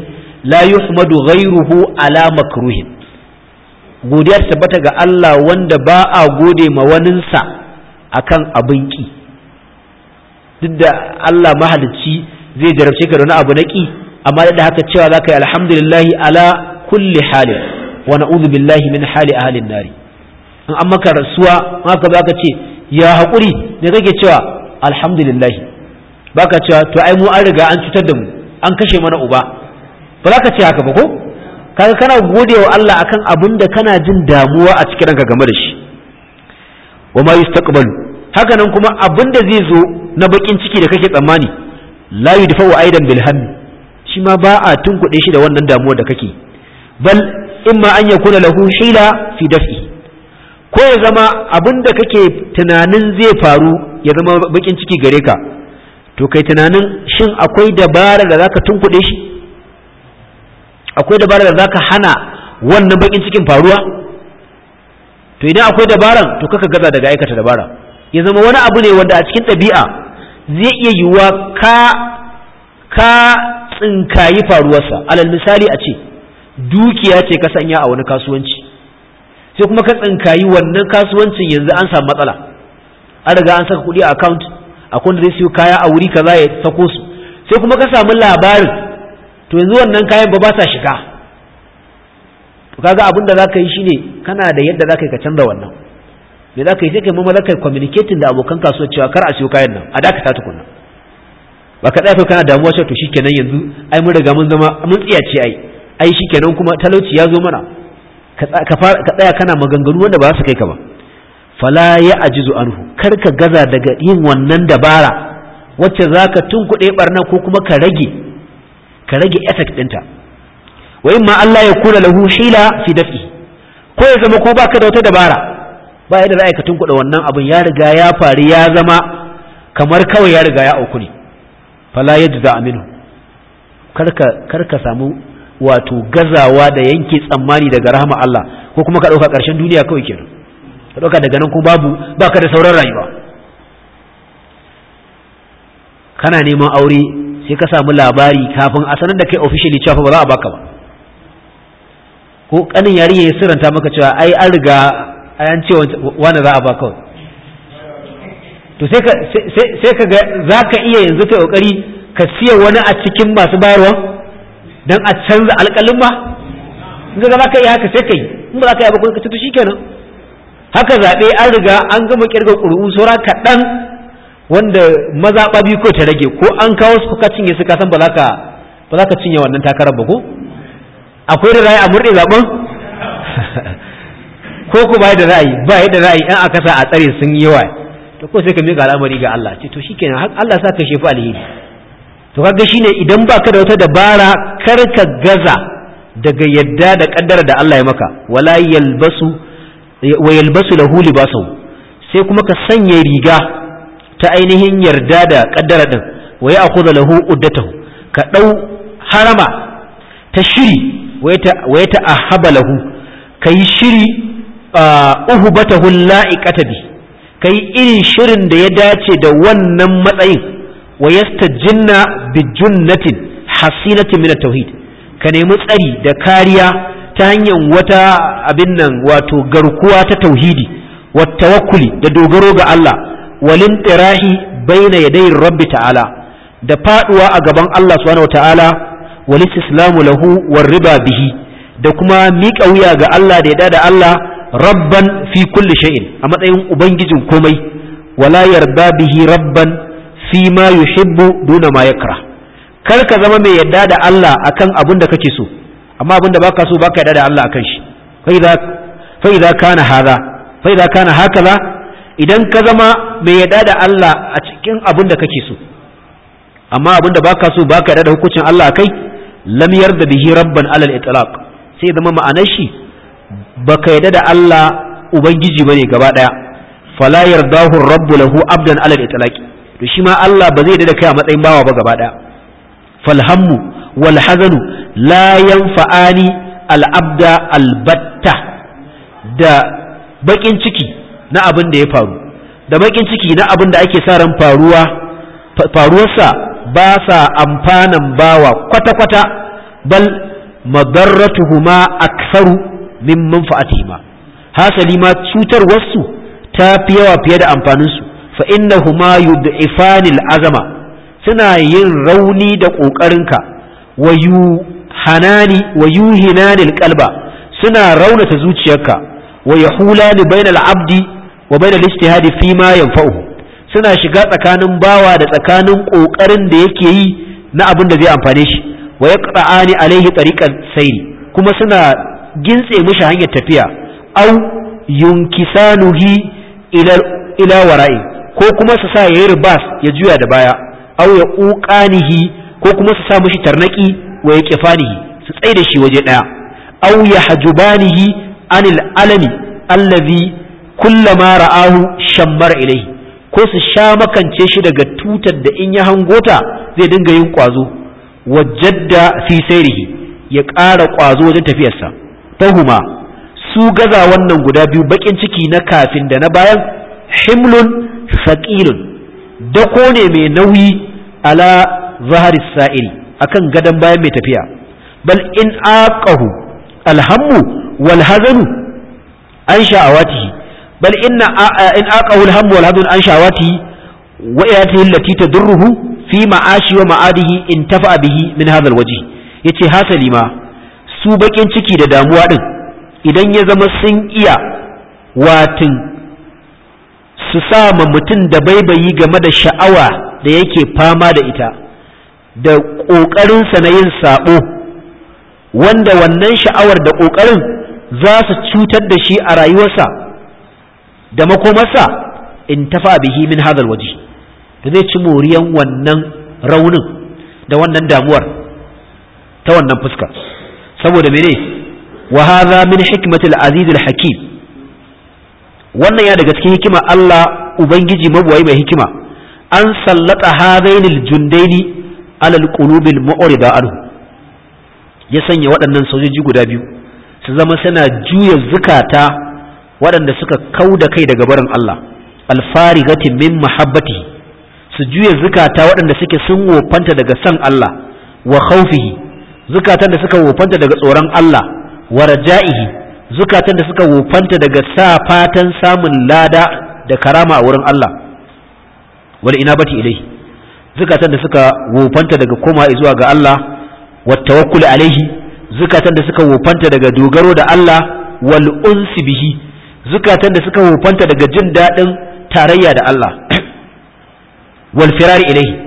A: la yuhmadu ghayruhu ala makruhin godiya ta tabbata ga Allah wanda ba a gode ma waninsa akan abin ƙi, duk da Allah mahalicci zai jarabce ka da wani abu na ki amma da haka cewa zaka yi alhamdulillahi ala kulli halin wa na'udhu billahi min hali ahlin nari in an maka rasuwa haka zaka ce ya haƙuri ne kake cewa alhamdulillahi baka cewa to ai mu an riga an cutar da mu an kashe mana uba ba za ka ce haka ba ko kaga kana gode wa Allah akan abin da kana jin damuwa a cikin ranka game da shi wa ma yustaqbalu haka nan kuma abin da zai zo na bakin ciki da kake tsammani la wa aidan bil hammi shi ma ba a tunkuɗe shi da wannan damuwa da kake bal imma an yakuna lahu hila fi daf'i ko ya zama abin da kake tunanin zai faru ya zama bakin ciki gare ka to kai tunanin shin akwai dabara da zaka tunkuɗe shi akwai dabarar da za ka hana wannan bakin cikin faruwa to idan akwai dabaran to kaka gaza daga aikata dabara ya zama wani abu ne wanda a cikin ɗabi'a zai iya yiwuwa ka ka tsinkayi faruwarsa alal misali a ce dukiya ce ka sanya a wani kasuwanci sai kuma ka tsinkayi wannan kasuwancin yanzu an samu matsala an riga an saka kuɗi a account akwai wanda zai siyo kaya a wuri kaza ya sako su sai kuma ka samu labarin to yanzu wannan kayan ba ba sa shiga to kaga abin da ka yi shi ne. kana da yadda ka yi ka canza wannan me ka yi sai ka yi kai ka yi communicating da abokan kasuwa cewa kar a siyo kayan nan a dakata tukunna ba ka tsaya kana damuwa cewa to shikenan yanzu ai mun riga mun zama mun tsiyace ai ai shikenan kuma talauci ya zo mana ka tsaya kana maganganu wanda ba za su kai ka ba fala ya ajizu anhu kar ka gaza daga yin wannan dabara wacce za ka tunkuɗe barna ko kuma ka rage ka rage effect ɗinta wa ma Allah ya kula lahu hila fi daf'i ko ya zama ko baka da wata dabara ba yadda za a aikatun kuɗa wannan abin ya riga ya faru ya zama kamar kawai ya riga ya auku ne fala a aminu karka karka samu wato gazawa da yanke tsammani daga rahama Allah ko kuma ka ɗauka ƙarshen duniya kawai kenan ka ɗauka daga nan ko babu baka da sauran rayuwa kana neman aure sai ka samu labari kafin a sanar da kai officially cewa ba za a baka ba ko kanin yari ya siranta maka cewa ai an riga an ce wani za a baka to sai ka sai ka ga za ka iya yanzu kai kokari ka siya wani a cikin masu bayarwa dan a canza alƙalin ba in ga za ka yi haka sai ka yi in ba za ka yi ba ka ci to shikenan haka zaɓe an riga an gama kirga ƙuri'u saura kaɗan wanda mazaɓa biyu ko ta rage ko an kawo su ka cinye su ka san ba za ka ba za ka cinye wannan takarar ba ko akwai da ra'ayi a murɗe zaɓen ko ku ba da ra'ayi ba da ra'ayi ɗan aka sa a tsare sun yi yawa to ko sai ka miƙa al'amari ga Allah ce to shikenan har Allah sa ka shefu alheri to kaga shine idan ba ka da wata dabara kar ka gaza daga yadda da kaddara da Allah ya maka wala yalbasu wa yalbasu lahu libasu sai kuma ka sanya riga ta ainihin yarda da kaddara din wa ya akhudha lahu uddatahu ka dau harama ta shiri wa ya ta'ahaba lahu kai shiri uhubatahu la'iqata bi kai irin shirin da ya dace da wannan matsayin wayasta yastajinna bi junnatin hasinatin min tauhid ka nemi tsari da kariya ta hanyar wata abin nan wato garkuwa ta tauhidi wa tawakkuli da dogaro ga Allah walin ɗirahi baina yadayi rabbi ta'ala da faɗuwa a gaban Allah subhanahu ta'ala wal islamu lahu war riba bihi da kuma miƙa wuya ga Allah da yada da Allah rabban fi kulli sha'in a matsayin ubangijin komai wala yarda bihi rabban fi ma yuhibbu duna ma yakra kar ka zama mai yadda da Allah akan abin da kake so amma abin da baka so baka yadda da Allah akan shi fa idza kana hadha fa idza kana hakaza idan ka zama mai yada da Allah a cikin abin da kake so amma abin da baka so baka yada da hukuncin Allah kai lam yarda bihi rabban alal itlaq sai zama ma'anar shi baka yada da Allah ubangiji bane gaba daya fala yardahu rabbu lahu abdan alal itlaq to shi ma Allah ba zai yada da kai a matsayin bawa ba gaba daya fal wal hazanu la yanfa'ani al abda al batta da bakin ciki na abin da ya faru da bakin ciki na abin da ake sa ran faruwa faruwarsa ba sa amfanan bawa kwata-kwata bal madarratuhuma aksaru min manfa'atihima hasali ma cutarwarsu ta fi yawa fiye da amfanin su fa innahuma yud'ifanil azama suna yin rauni da ƙoƙarinka wa yuhinanil kalba suna raunata zuciyarka wa yahulani bainal abdi wa da ijtihadi ma yanfa'uhu suna shiga tsakanin bawa da tsakanin ƙoƙarin da yake yi na abin da zai amfane shi wa yaqta'ani alaihi tariqan sayri kuma suna gintse mishi hanyar tafiya au yunkisanuhi ila ila wara'i ko kuma su sa yayi ribas ya juya da baya au ya uqanihi ko kuma su sa mishi tarnaki wa yaqfanihi su da shi waje ɗaya. au hajubanihi anil alami allazi kullama ra'ahu shammar ilai ko su sha makance shi daga tutar da in ya hango ta zai dinga yin kwazo wajadda fi sairihi ya ƙara kwazo wajen tafiyarsa huma, su gaza wannan guda biyu bakin ciki na kafin da na bayan himlun faqilun dako ne mai nauyi ala zahari sa'il akan gadan bayan mai tafiya bal in aqahu alhammu wal hazanu an sha'awatihi bal inna in aqahu al-hamm wal hadun an shawati wa iyatihi allati tadurruhu fi ma'ashi wa ma'adihi in tafa bihi min hadha al yace hasali ma su bakin ciki da damuwa din idan ya zama sun iya watin su sa ma mutum da baibayi game da sha'awa da yake fama da ita da ƙoƙarinsa na yin saɓo wanda wannan sha'awar da ƙoƙarin za su cutar da shi a rayuwarsa da makomarsa in tafa bihi min hadal waje da zai ci moriyan wannan raunin da wannan damuwar ta wannan fuska saboda mene wa hadha min hikmatil aziz al hakim wannan ya daga cikin hikima Allah ubangiji mabuwai mai hikima an sallata hadain al jundaini ala al qulub al mu'rida anhu ya sanya waɗannan sojoji guda biyu su zama suna juya zukata waɗanda suka kau da kai daga barin Allah alfarigati min mahabbati su juya zukata waɗanda suke sun wofanta daga san Allah wa khawfihi zukatan da suka wofanta daga tsoron Allah wa raja'ihi zukatan da suka wofanta daga sa fatan samun lada da karama a wurin Allah wal inabati ilayhi zukatan da suka wofanta daga koma zuwa ga Allah wa tawakkul alaihi zukatan da suka wofanta daga dogaro da Allah wal unsi bihi zukatan da suka wofanta daga jin daɗin tarayya da Allah wal firari ilaihi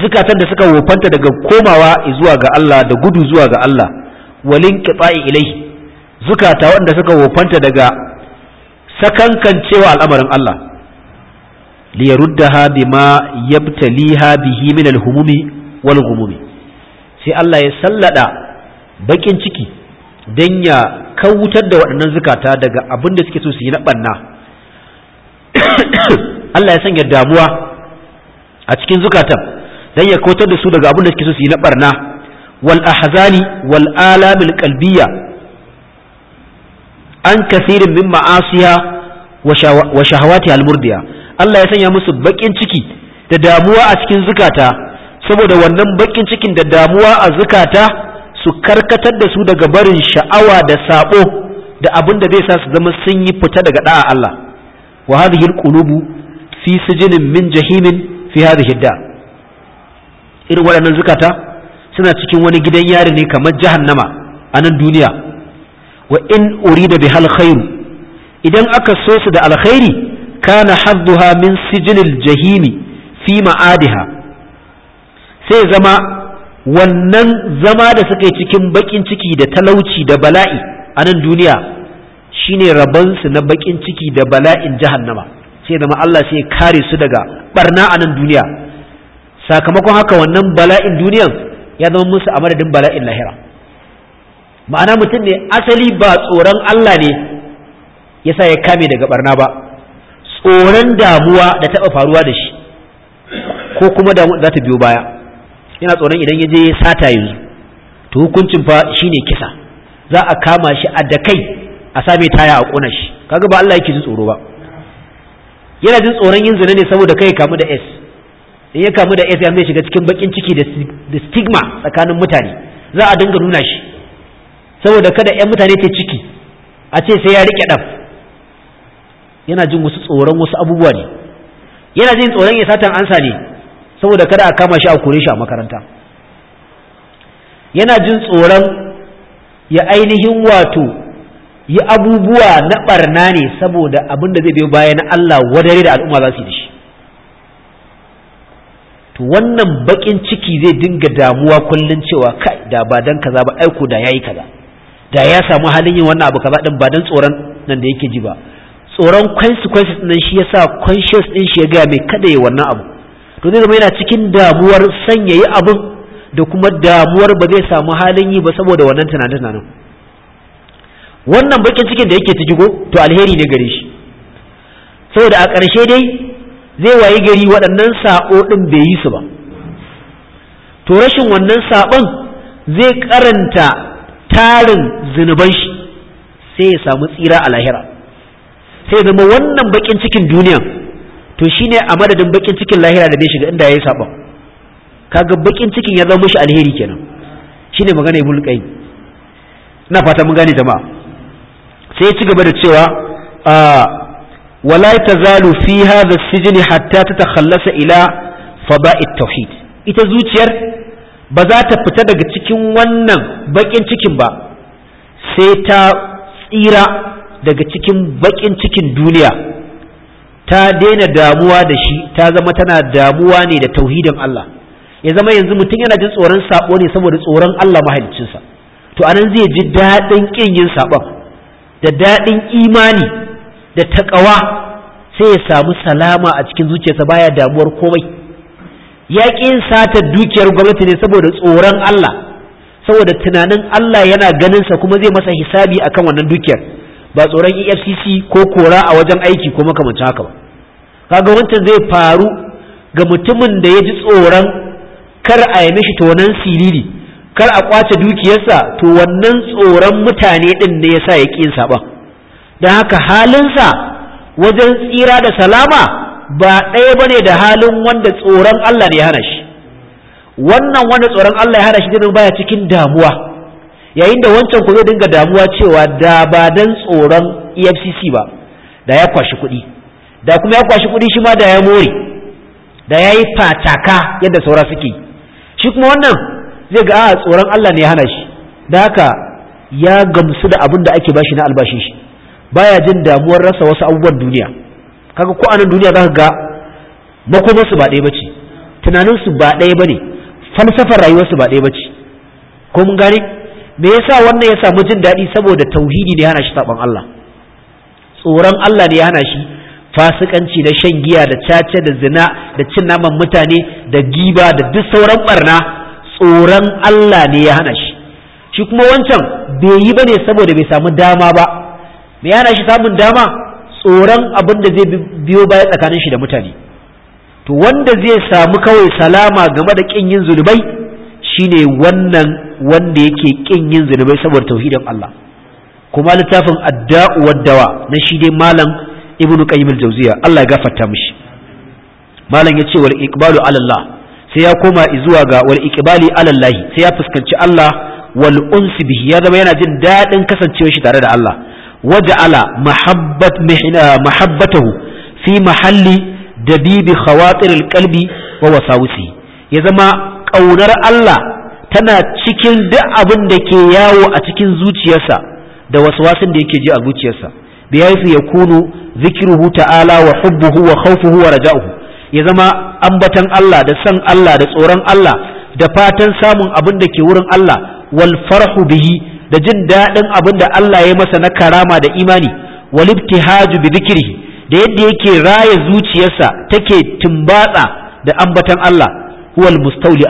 A: zukatan da suka wofanta daga komawa zuwa ga Allah da gudu zuwa ga Allah walin qita'i ilaihi zukata wanda suka wofanta daga sakankancewa al'amarin Allah liyaruddaha bima yabtaliha bihi min al-humumi wal ghumumi sai Allah ya sallada bakin ciki dan ya kawutar da waɗannan zukata daga abin da suke so su yi na ɓanna Allah ya sanya damuwa a cikin zukatan don ya kautar da su daga abin da suke so su yi na ɓarna wal ahzani wal alamil qalbiyya an kasirin min ma'asiya wa shahawati al murdiya Allah ya sanya musu bakin ciki da damuwa a cikin zukata saboda wannan bakin cikin da damuwa a zukata su karkatar da su daga barin sha'awa da sabo da abin da zai sa su zama sun yi fita daga da'a Allah wa hadhihi alqulubu fi sijinin min jahimin fi hadhihi da irin waɗannan zukata suna cikin wani gidan yari ne kamar jahannama a nan duniya wa in urida hal khairu idan aka so su da alkhairi kana hadduha min sijinil jahimi fi ma'adiha sai zama wannan zama da suka yi cikin bakin ciki da talauci da bala'i a nan duniya shine rabonsu na bakin ciki da bala'in jahannama sai zama Allah sai kare su daga barna a nan duniya sakamakon haka wannan bala'in duniyan ya zama musu a madadin bala'in lahira ma'ana mutum ne asali ba tsoron Allah ne yasa ya kame daga barna ba tsoron damuwa da taɓa faruwa da shi ko kuma da za ta biyo baya yana tsoron idan ya je ya sata yanzu to hukuncin fa shine kisa za a kama shi a da kai a same taya a kona shi kaga ba Allah yake ji tsoro ba yana jin tsoron yin zina ne saboda kai kamu da S in ya kamu da S ya zai shiga cikin bakin ciki da stigma tsakanin mutane za a dinga nuna shi saboda kada ƴan mutane ce ciki a ce sai ya rike ɗan yana jin wasu tsoron wasu abubuwa ne yana jin tsoron ya satan ansa ne saboda kada a kama shi a kore shi a makaranta yana jin tsoron ya ainihin wato yi abubuwa na barna ne saboda abin da zai biyo bayan na Allah wadare da al'umma za su yi shi to wannan bakin ciki zai dinga damuwa kullun cewa kai da ba dan kaza ba aiko da yayi kaza da ya samu halin yin wannan abu kaza din ba dan tsoron nan da yake ji ba tsoron consequences din shi yasa conscious din shi ya ga mai kada yi wannan abu to zai zama yana cikin damuwar sanya yi abin da kuma damuwar ba zai samu halin yi ba saboda wannan tunanin wannan bakin cikin da yake ciki ko to alheri ne gare shi saboda a ƙarshe dai zai wayi gari waɗannan sa'o ɗin bai yi su ba to rashin wannan saɓon zai karanta tarin zunuban shi sai ya samu tsira a lahira sai zama wannan bakin cikin duniyan to shine a madadin bakin cikin lahira da bai shiga inda yayi saba kaga bakin cikin ya zama mishi alheri kenan shine magana ibnu qayyim ina fata mun gane jama'a sai ya ci gaba da cewa wala tazalu fi hadha sijni hatta tatakhallasa ila fada'it tauhid ita zuciyar ba za ta fita daga cikin wannan bakin cikin ba sai ta tsira daga cikin bakin cikin duniya ta daina damuwa da shi ta zama tana damuwa ne da tauhidin Allah ya zama yanzu mutum yana jin tsoron sabo ne saboda tsoron Allah mahaliccinsa to anan zai ji daɗin ƙin yin sabon da daɗin imani da taƙawa sai ya samu salama a cikin zuciyarsa baya damuwar komai ya satar dukiyar gwamnati ne saboda tsoron Allah saboda tunanin Allah yana ganinsa kuma zai masa hisabi akan wannan dukiyar ba tsoron EFCC ko kora a wajen aiki ko makamancin haka ba kaga wancan zai faru ga mutumin da ya ji tsoron kar a yi mishi tonan siriri kar a kwace dukiyarsa to wannan tsoron mutane din ne ya sa ya ƙin saɓa don haka halinsa wajen tsira da salama ba ɗaya ba ne da halin wanda tsoron Allah ne ya hana shi wannan wanda tsoron Allah ya hana shi ba baya cikin damuwa yayin da wancan ku zai dinga damuwa cewa da ba dan tsoron EFCC ba da ya kwashi kuɗi da kuma ya kwashi kuɗi shi ma da ya more da ya yi fataka yadda saura suke shi kuma wannan zai ga a ah, tsoron Allah ne ya hana shi da haka ya gamsu da abin da ake bashi na albashin shi baya jin damuwar rasa wasu abubuwan duniya kaga ko anan duniya zaka ga makomarsu ba ɗaya bace tunaninsu ba ɗaya bane falsafar rayuwarsu ba ɗaya bace ko mun gane me yasa wannan ya samu jin daɗi saboda tauhidi ne hana shi saban Allah tsoron Allah ne hana shi fasikanci da shan giya da cace da zina da cin naman mutane da giba da duk sauran barna tsoron Allah ne ya hana shi shi kuma wancan bai yi bane saboda bai samu dama ba me hana shi samun dama tsoron abin da zai biyo baya tsakanin shi da mutane to wanda zai samu kawai salama game da ƙin yin zulubai shine wannan wanda yake kin yin zunubai saboda tauhidin Allah kuma littafin adda'u waddawa na shi dai malam ibn qayyim al-jawziya Allah ya gafarta mishi malam yace wal iqbalu ala Allah sai ya koma zuwa ga wal iqbali ala Allah sai ya fuskanci Allah wal bihi ya zama yana jin dadin kasancewa shi tare da Allah waja'ala mahabbat mahabbatahu fi mahalli dabibi khawatir al-qalbi wa wasawisi ya zama ƙaunar Allah tana cikin duk abin da ke yawo a cikin zuciyarsa da wasu wasan da yake ji a zuciyarsa bi ya kunu zikruhu ta'ala wa hubbuhu wa khawfuhu wa raja'uhu ya zama ambatan Allah da san Allah da tsoron Allah da fatan samun abin da ke wurin Allah wal farhu bihi da jin daɗin abin da Allah ya masa na karama da imani wal ibtihaju bi zikrihi da yadda yake raya zuciyarsa take tumbatsa da ambatan Allah huwa Mustauli mustawli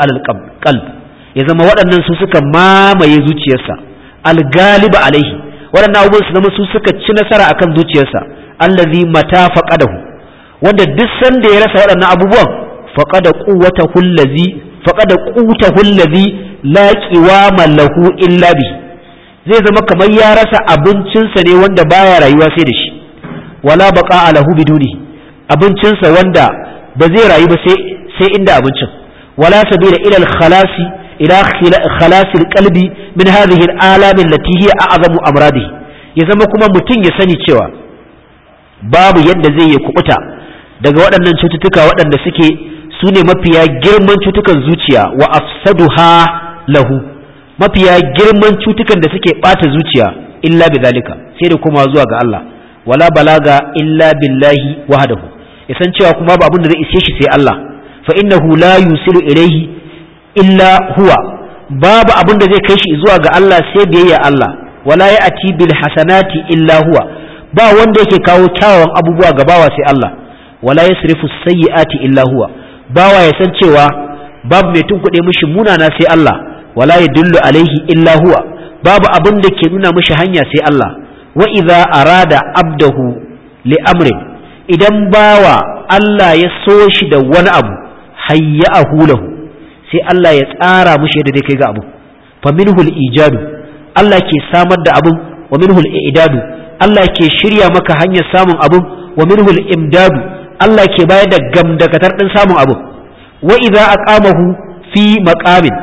A: ala ya zama waɗannan su suka mamaye zuciyarsa al-galiba alaihi waɗannan abubuwan su zama su suka ci nasara akan zuciyarsa allazi mata faqadahu wanda duk sanda ya rasa waɗannan abubuwan faqada quwwatahu allazi faqada qutahu allazi la qiwama lahu illa bi zai zama kamar ya rasa abincinsa ne wanda baya rayuwa sai da shi wala baqa lahu biduni abincinsa wanda ba zai rayu ba sai sai inda abincin ولا سبيل إلى الخلاص إلى خلاص القلب من هذه الآلام التي هي أعظم أمراضه mutum ya sani يسني تشوى باب zai زي يكوتا daga waɗannan cututtuka waɗanda suke su ne mafiya girman cutukan zuciya wa afsaduha lahu mafiya girman cutukan da suke ɓata zuciya illa bi zalika sai da kuma zuwa ga Allah wala balaga illa billahi wahdahu yasan cewa kuma ba abin da zai ishe shi sai Allah fa innahu la yusilu ilaihi illa huwa babu abin da zai kai shi zuwa ga Allah sai biyayya Allah wala ya'ti bil hasanati illa huwa ba wanda yake kawo kyawawan abubuwa ga bawa sai Allah wala yasrifu sayyi'ati illa huwa bawa ya san cewa babu mai tunkuɗe mishi munana sai Allah wala yadullu alaihi illa huwa babu abin da ke nuna mishi hanya sai Allah wa idza arada abdahu li amrin idan bawa Allah ya so shi da wani abu hayya'ahu lahu sai Allah ya tsara mushi yadda dai kai ga abu fa minhul ijadu Allah ke samar da abun wa minhul i'dadu Allah ke shirya maka hanyar samun abun wa minhul imdadu Allah ke bayar da gamdakatar din samun abun wa idza aqamahu fi maqamin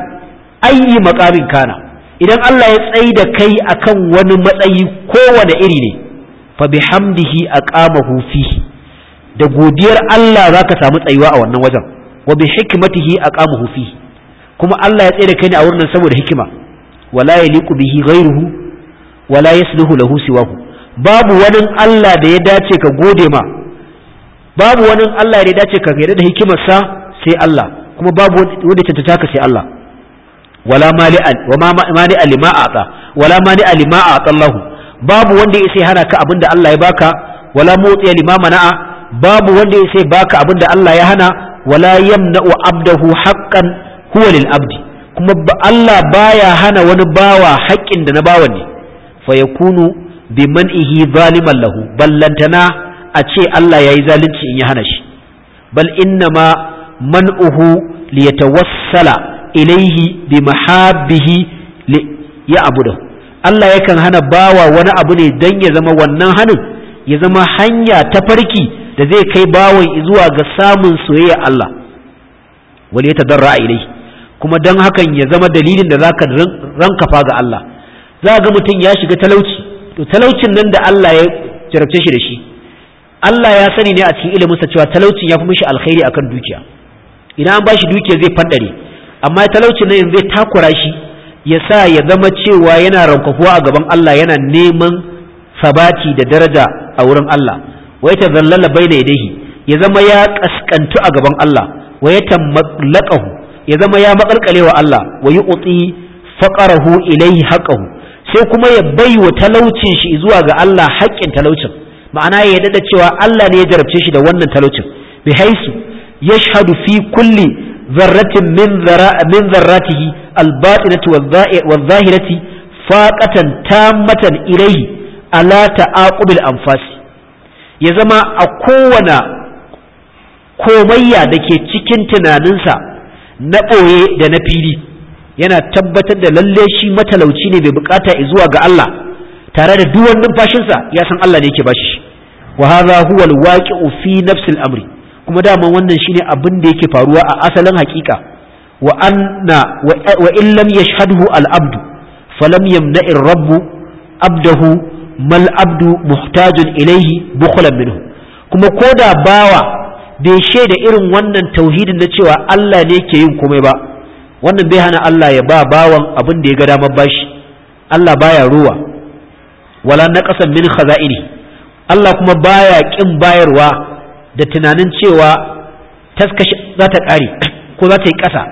A: ayi maqamin kana idan Allah ya tsai da kai akan wani matsayi kowane iri ne fa bihamdihi aqamahu fi da godiyar Allah zaka samu tsayuwa a wannan wajen wa bi hikmatihi aqamahu fi kuma Allah ya tsere kai ne a wurin saboda hikima wala yaliqu bihi ghayruhu wala yasluhu lahu siwahu babu wani Allah da ya dace ka gode ma babu wani Allah da ya dace ka yarda da hikimarsa sai Allah kuma babu wanda ta taka sai Allah wala mali al wa ma mali al ma aqa wala mali al ma aqa Allah babu wanda ya sai hana ka abinda Allah ya baka wala mutiya limama na'a babu wanda ya sai baka abinda Allah ya hana wala yamna'u abdahu haqqan huwa lil abdi kuma Allah baya hana wani bawa haƙƙin da na bawa ne fa yakunu bi man'ihi zaliman lahu ballantana a ce Allah yayi zalunci in ya hana shi bal innama man'uhu liyatawassala ilaihi bi mahabbihi ya abudahu Allah yakan hana bawa wani abu ne don ya zama wannan hanin ya zama hanya ta farki da zai kai bawan zuwa ga samun soyayya Allah wal ya tadarra ilai kuma dan hakan ya zama dalilin da zaka rankafa ga Allah za ga mutum ya shiga talauci to talaucin nan da Allah ya jarabce shi da shi Allah ya sani ne a cikin ilimin sa cewa talaucin ya fi mishi alkhairi akan dukiya idan an bashi dukiya zai faddare amma talaucin nan zai takura shi ya sa ya zama cewa yana rankafuwa a gaban Allah yana neman sabati da daraja a wurin Allah wai ta zallala baina yadayhi ya zama ya kaskantu a gaban Allah wa ya tamlaqahu ya zama ya makalkalewa Allah wa yu'ti faqarahu ilayhi haqqahu sai kuma ya baiwa talaucin shi zuwa ga Allah haƙƙin talaucin ma'ana ya yarda cewa Allah ne ya jarabce shi da wannan talaucin bi haisu yashhadu fi kulli dharratin min dhara min ta albatinati wadh-dhahirati faqatan tammatan ilayhi ala ta'aqubil anfasi ya zama a kowane komayya da ke cikin tunaninsa na ɓoye da na fili yana tabbatar da lalle shi matalauci ne bai bukata zuwa ga Allah tare da duwan numfashinsa ya san Allah ne yake bashi shi wa hadha huwa alwaqi'u fi nafsi amri kuma dama wannan shine abin da yake faruwa a asalin hakika wa anna wa in lam yashhadhu al falam yamna'ir rabbu abdahu mal abdu muhtajun ilaihi bukhlan minhu kuma koda bawa bai shaida irin wannan tauhidin na cewa Allah ne ke yin komai ba wannan bai hana Allah ya ba bawan abin da ya ga damar bashi Allah baya ruwa wala naqasan min khaza'ini Allah kuma baya kin bayarwa da tunanin cewa taskar za ta kare ko za ta yi ƙasa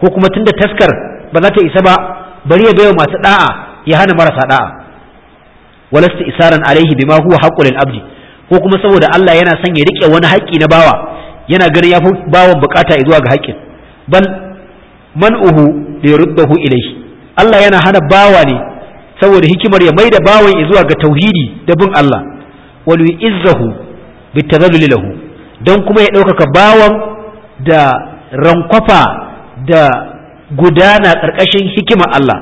A: ko kuma tunda taskar ba za ta isa ba bari ya wa masu da'a ya hana marasa da'a walasta isaran alaihi bima huwa haqqul abdi ko kuma saboda Allah yana sanya ya rike wani haƙƙi na bawa yana ganin ya fi bawan bukata zuwa ga haƙƙin bal man'uhu da yaruddahu ilaihi Allah yana hana bawa ne saboda hikimar ya maida bawan zuwa ga tauhidi da bin Allah wal yu'izzahu bitadallil lahu dan kuma ya ɗaukaka bawan da rankwafa da gudana ƙarƙashin hikimar Allah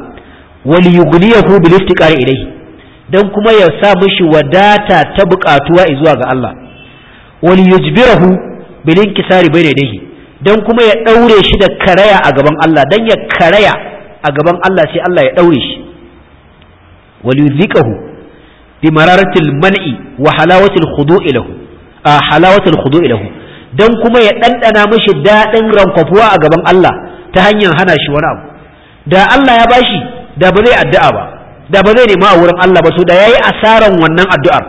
A: wal yughniyahu bil istiqari ilaihi don kuma ya sa mishi wadata ta buƙatuwa zuwa ga Allah wal yujbirahu bil inkisari da dahi don kuma ya daure shi da karaya a gaban Allah dan ya karaya a gaban Allah sai Allah ya daure shi wal yuzikahu bi mararatil man'i wa halawatil khudu'i lahu a halawatil khudu'i lahu dan kuma ya dandana mishi dadin rankwafuwa a gaban Allah ta hanyar hana shi wani abu da Allah ya bashi da ba zai addu'a ba da ba zai nema a wurin Allah ba su? da yayi asaran wannan addu'ar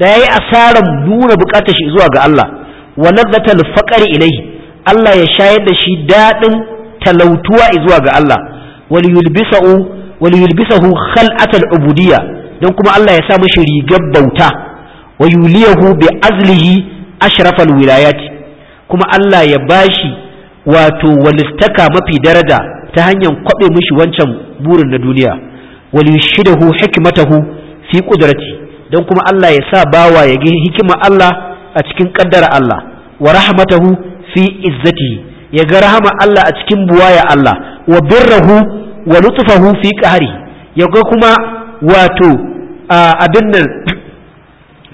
A: da yayi asaran nuna bukatar shi zuwa ga Allah wa ladzatal faqri ilai Allah ya shayar da shi dadin talautuwa zuwa ga Allah wal yulbisahu wal yulbisahu khal'atal ubudiyya dan kuma Allah ya sa mishi rigar bauta wa yuliyahu bi azlihi ashrafal wilayati kuma Allah ya bashi wato walistaka mafi daraja ta hanyar kwabe mishi wancan burin na duniya waliyushidahu hikmatahu fi qudrati Don kuma Allah ya sa bawa ya ga hikima Allah a cikin kaddara Allah wa rahmatahu fi izzati ya ga rahama Allah a cikin buwaya Allah wa birrahu wa lutfahu fi qahri ya ga kuma wato abin nan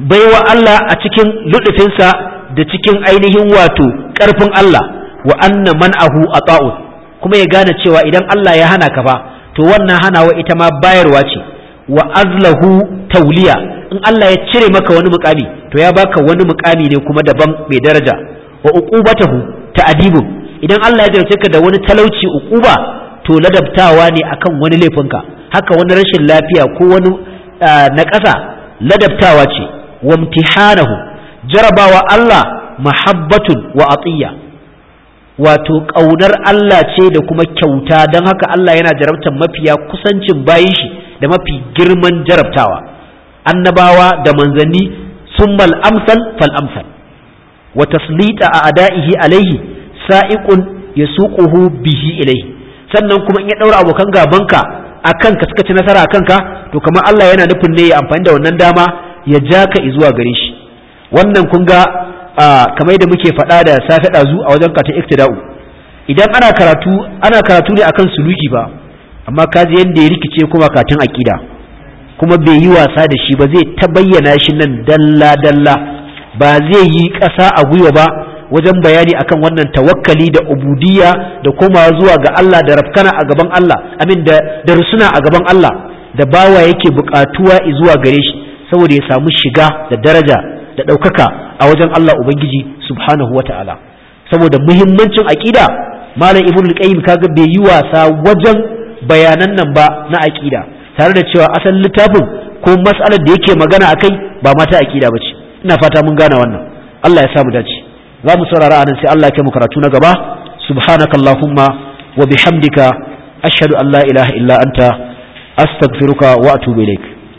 A: baiwa Allah a cikin lutufinsa da cikin ainihin wato ƙarfin Allah wa anna man'ahu ata'un kuma ya gane cewa idan Allah ya hana ka ba to wannan hanawa ita ma bayarwa ce wa azlahu tauliya in Allah ya cire maka wani mukami to ya baka wani mukami ne kuma daban mai daraja wa uqubatahu ta'dibu idan Allah ya jarce ka da wani talauci uquba to ladabtawa ne akan wani laifinka haka wani rashin lafiya ko wani na ƙasa ladabtawa ce wa imtihanahu jarabawa Allah mahabbatun wa atiyya wato ƙaunar Allah ce da kuma kyauta don haka Allah yana jarabtar mafiya kusancin bayan shi da mafi girman jarabtawa annabawa da manzanni mal amsal fal amsal wa taslita a ada'ihi alaihi sa'iqun yasuquhu bihi ilaihi sannan kuma in ya ɗaura abokan gabanka akan ka suka ci nasara akanka ka to kamar Allah yana nufin ne ya amfani da wannan dama ya ja ka zuwa gare shi wannan kun ga a kamar da muke faɗa da safe ɗazu a wajen kata iktida'u idan ana karatu ana karatu ne akan suluki ba amma kaji yadda ya rikice kuma katin aƙida kuma bai yi wasa da shi ba zai ta bayyana shi nan dalla dalla ba zai yi ƙasa a gwiwa ba wajen bayani akan wannan tawakkali da ubudiyya da komawa zuwa ga Allah da rafkana a gaban Allah amin da da rusuna a gaban Allah da bawa yake bukatuwa zuwa gare shi saboda ya samu shiga da daraja da ɗaukaka a wajen Allah ubangiji subhanahu wa ta'ala saboda muhimmancin aqida malam ibnu al-qayyim kaga bai yi wasa wajen bayanan nan ba na aqida tare da cewa asalin littafin ko mas'alar da yake magana a kai ba mata ba ce, ina fata mun gana wannan Allah ya samu dace za mu saurara anan sai Allah ya kai mu karatu na gaba allahumma wa bihamdika ashhadu an la ilaha illa anta astaghfiruka wa atubu ilaik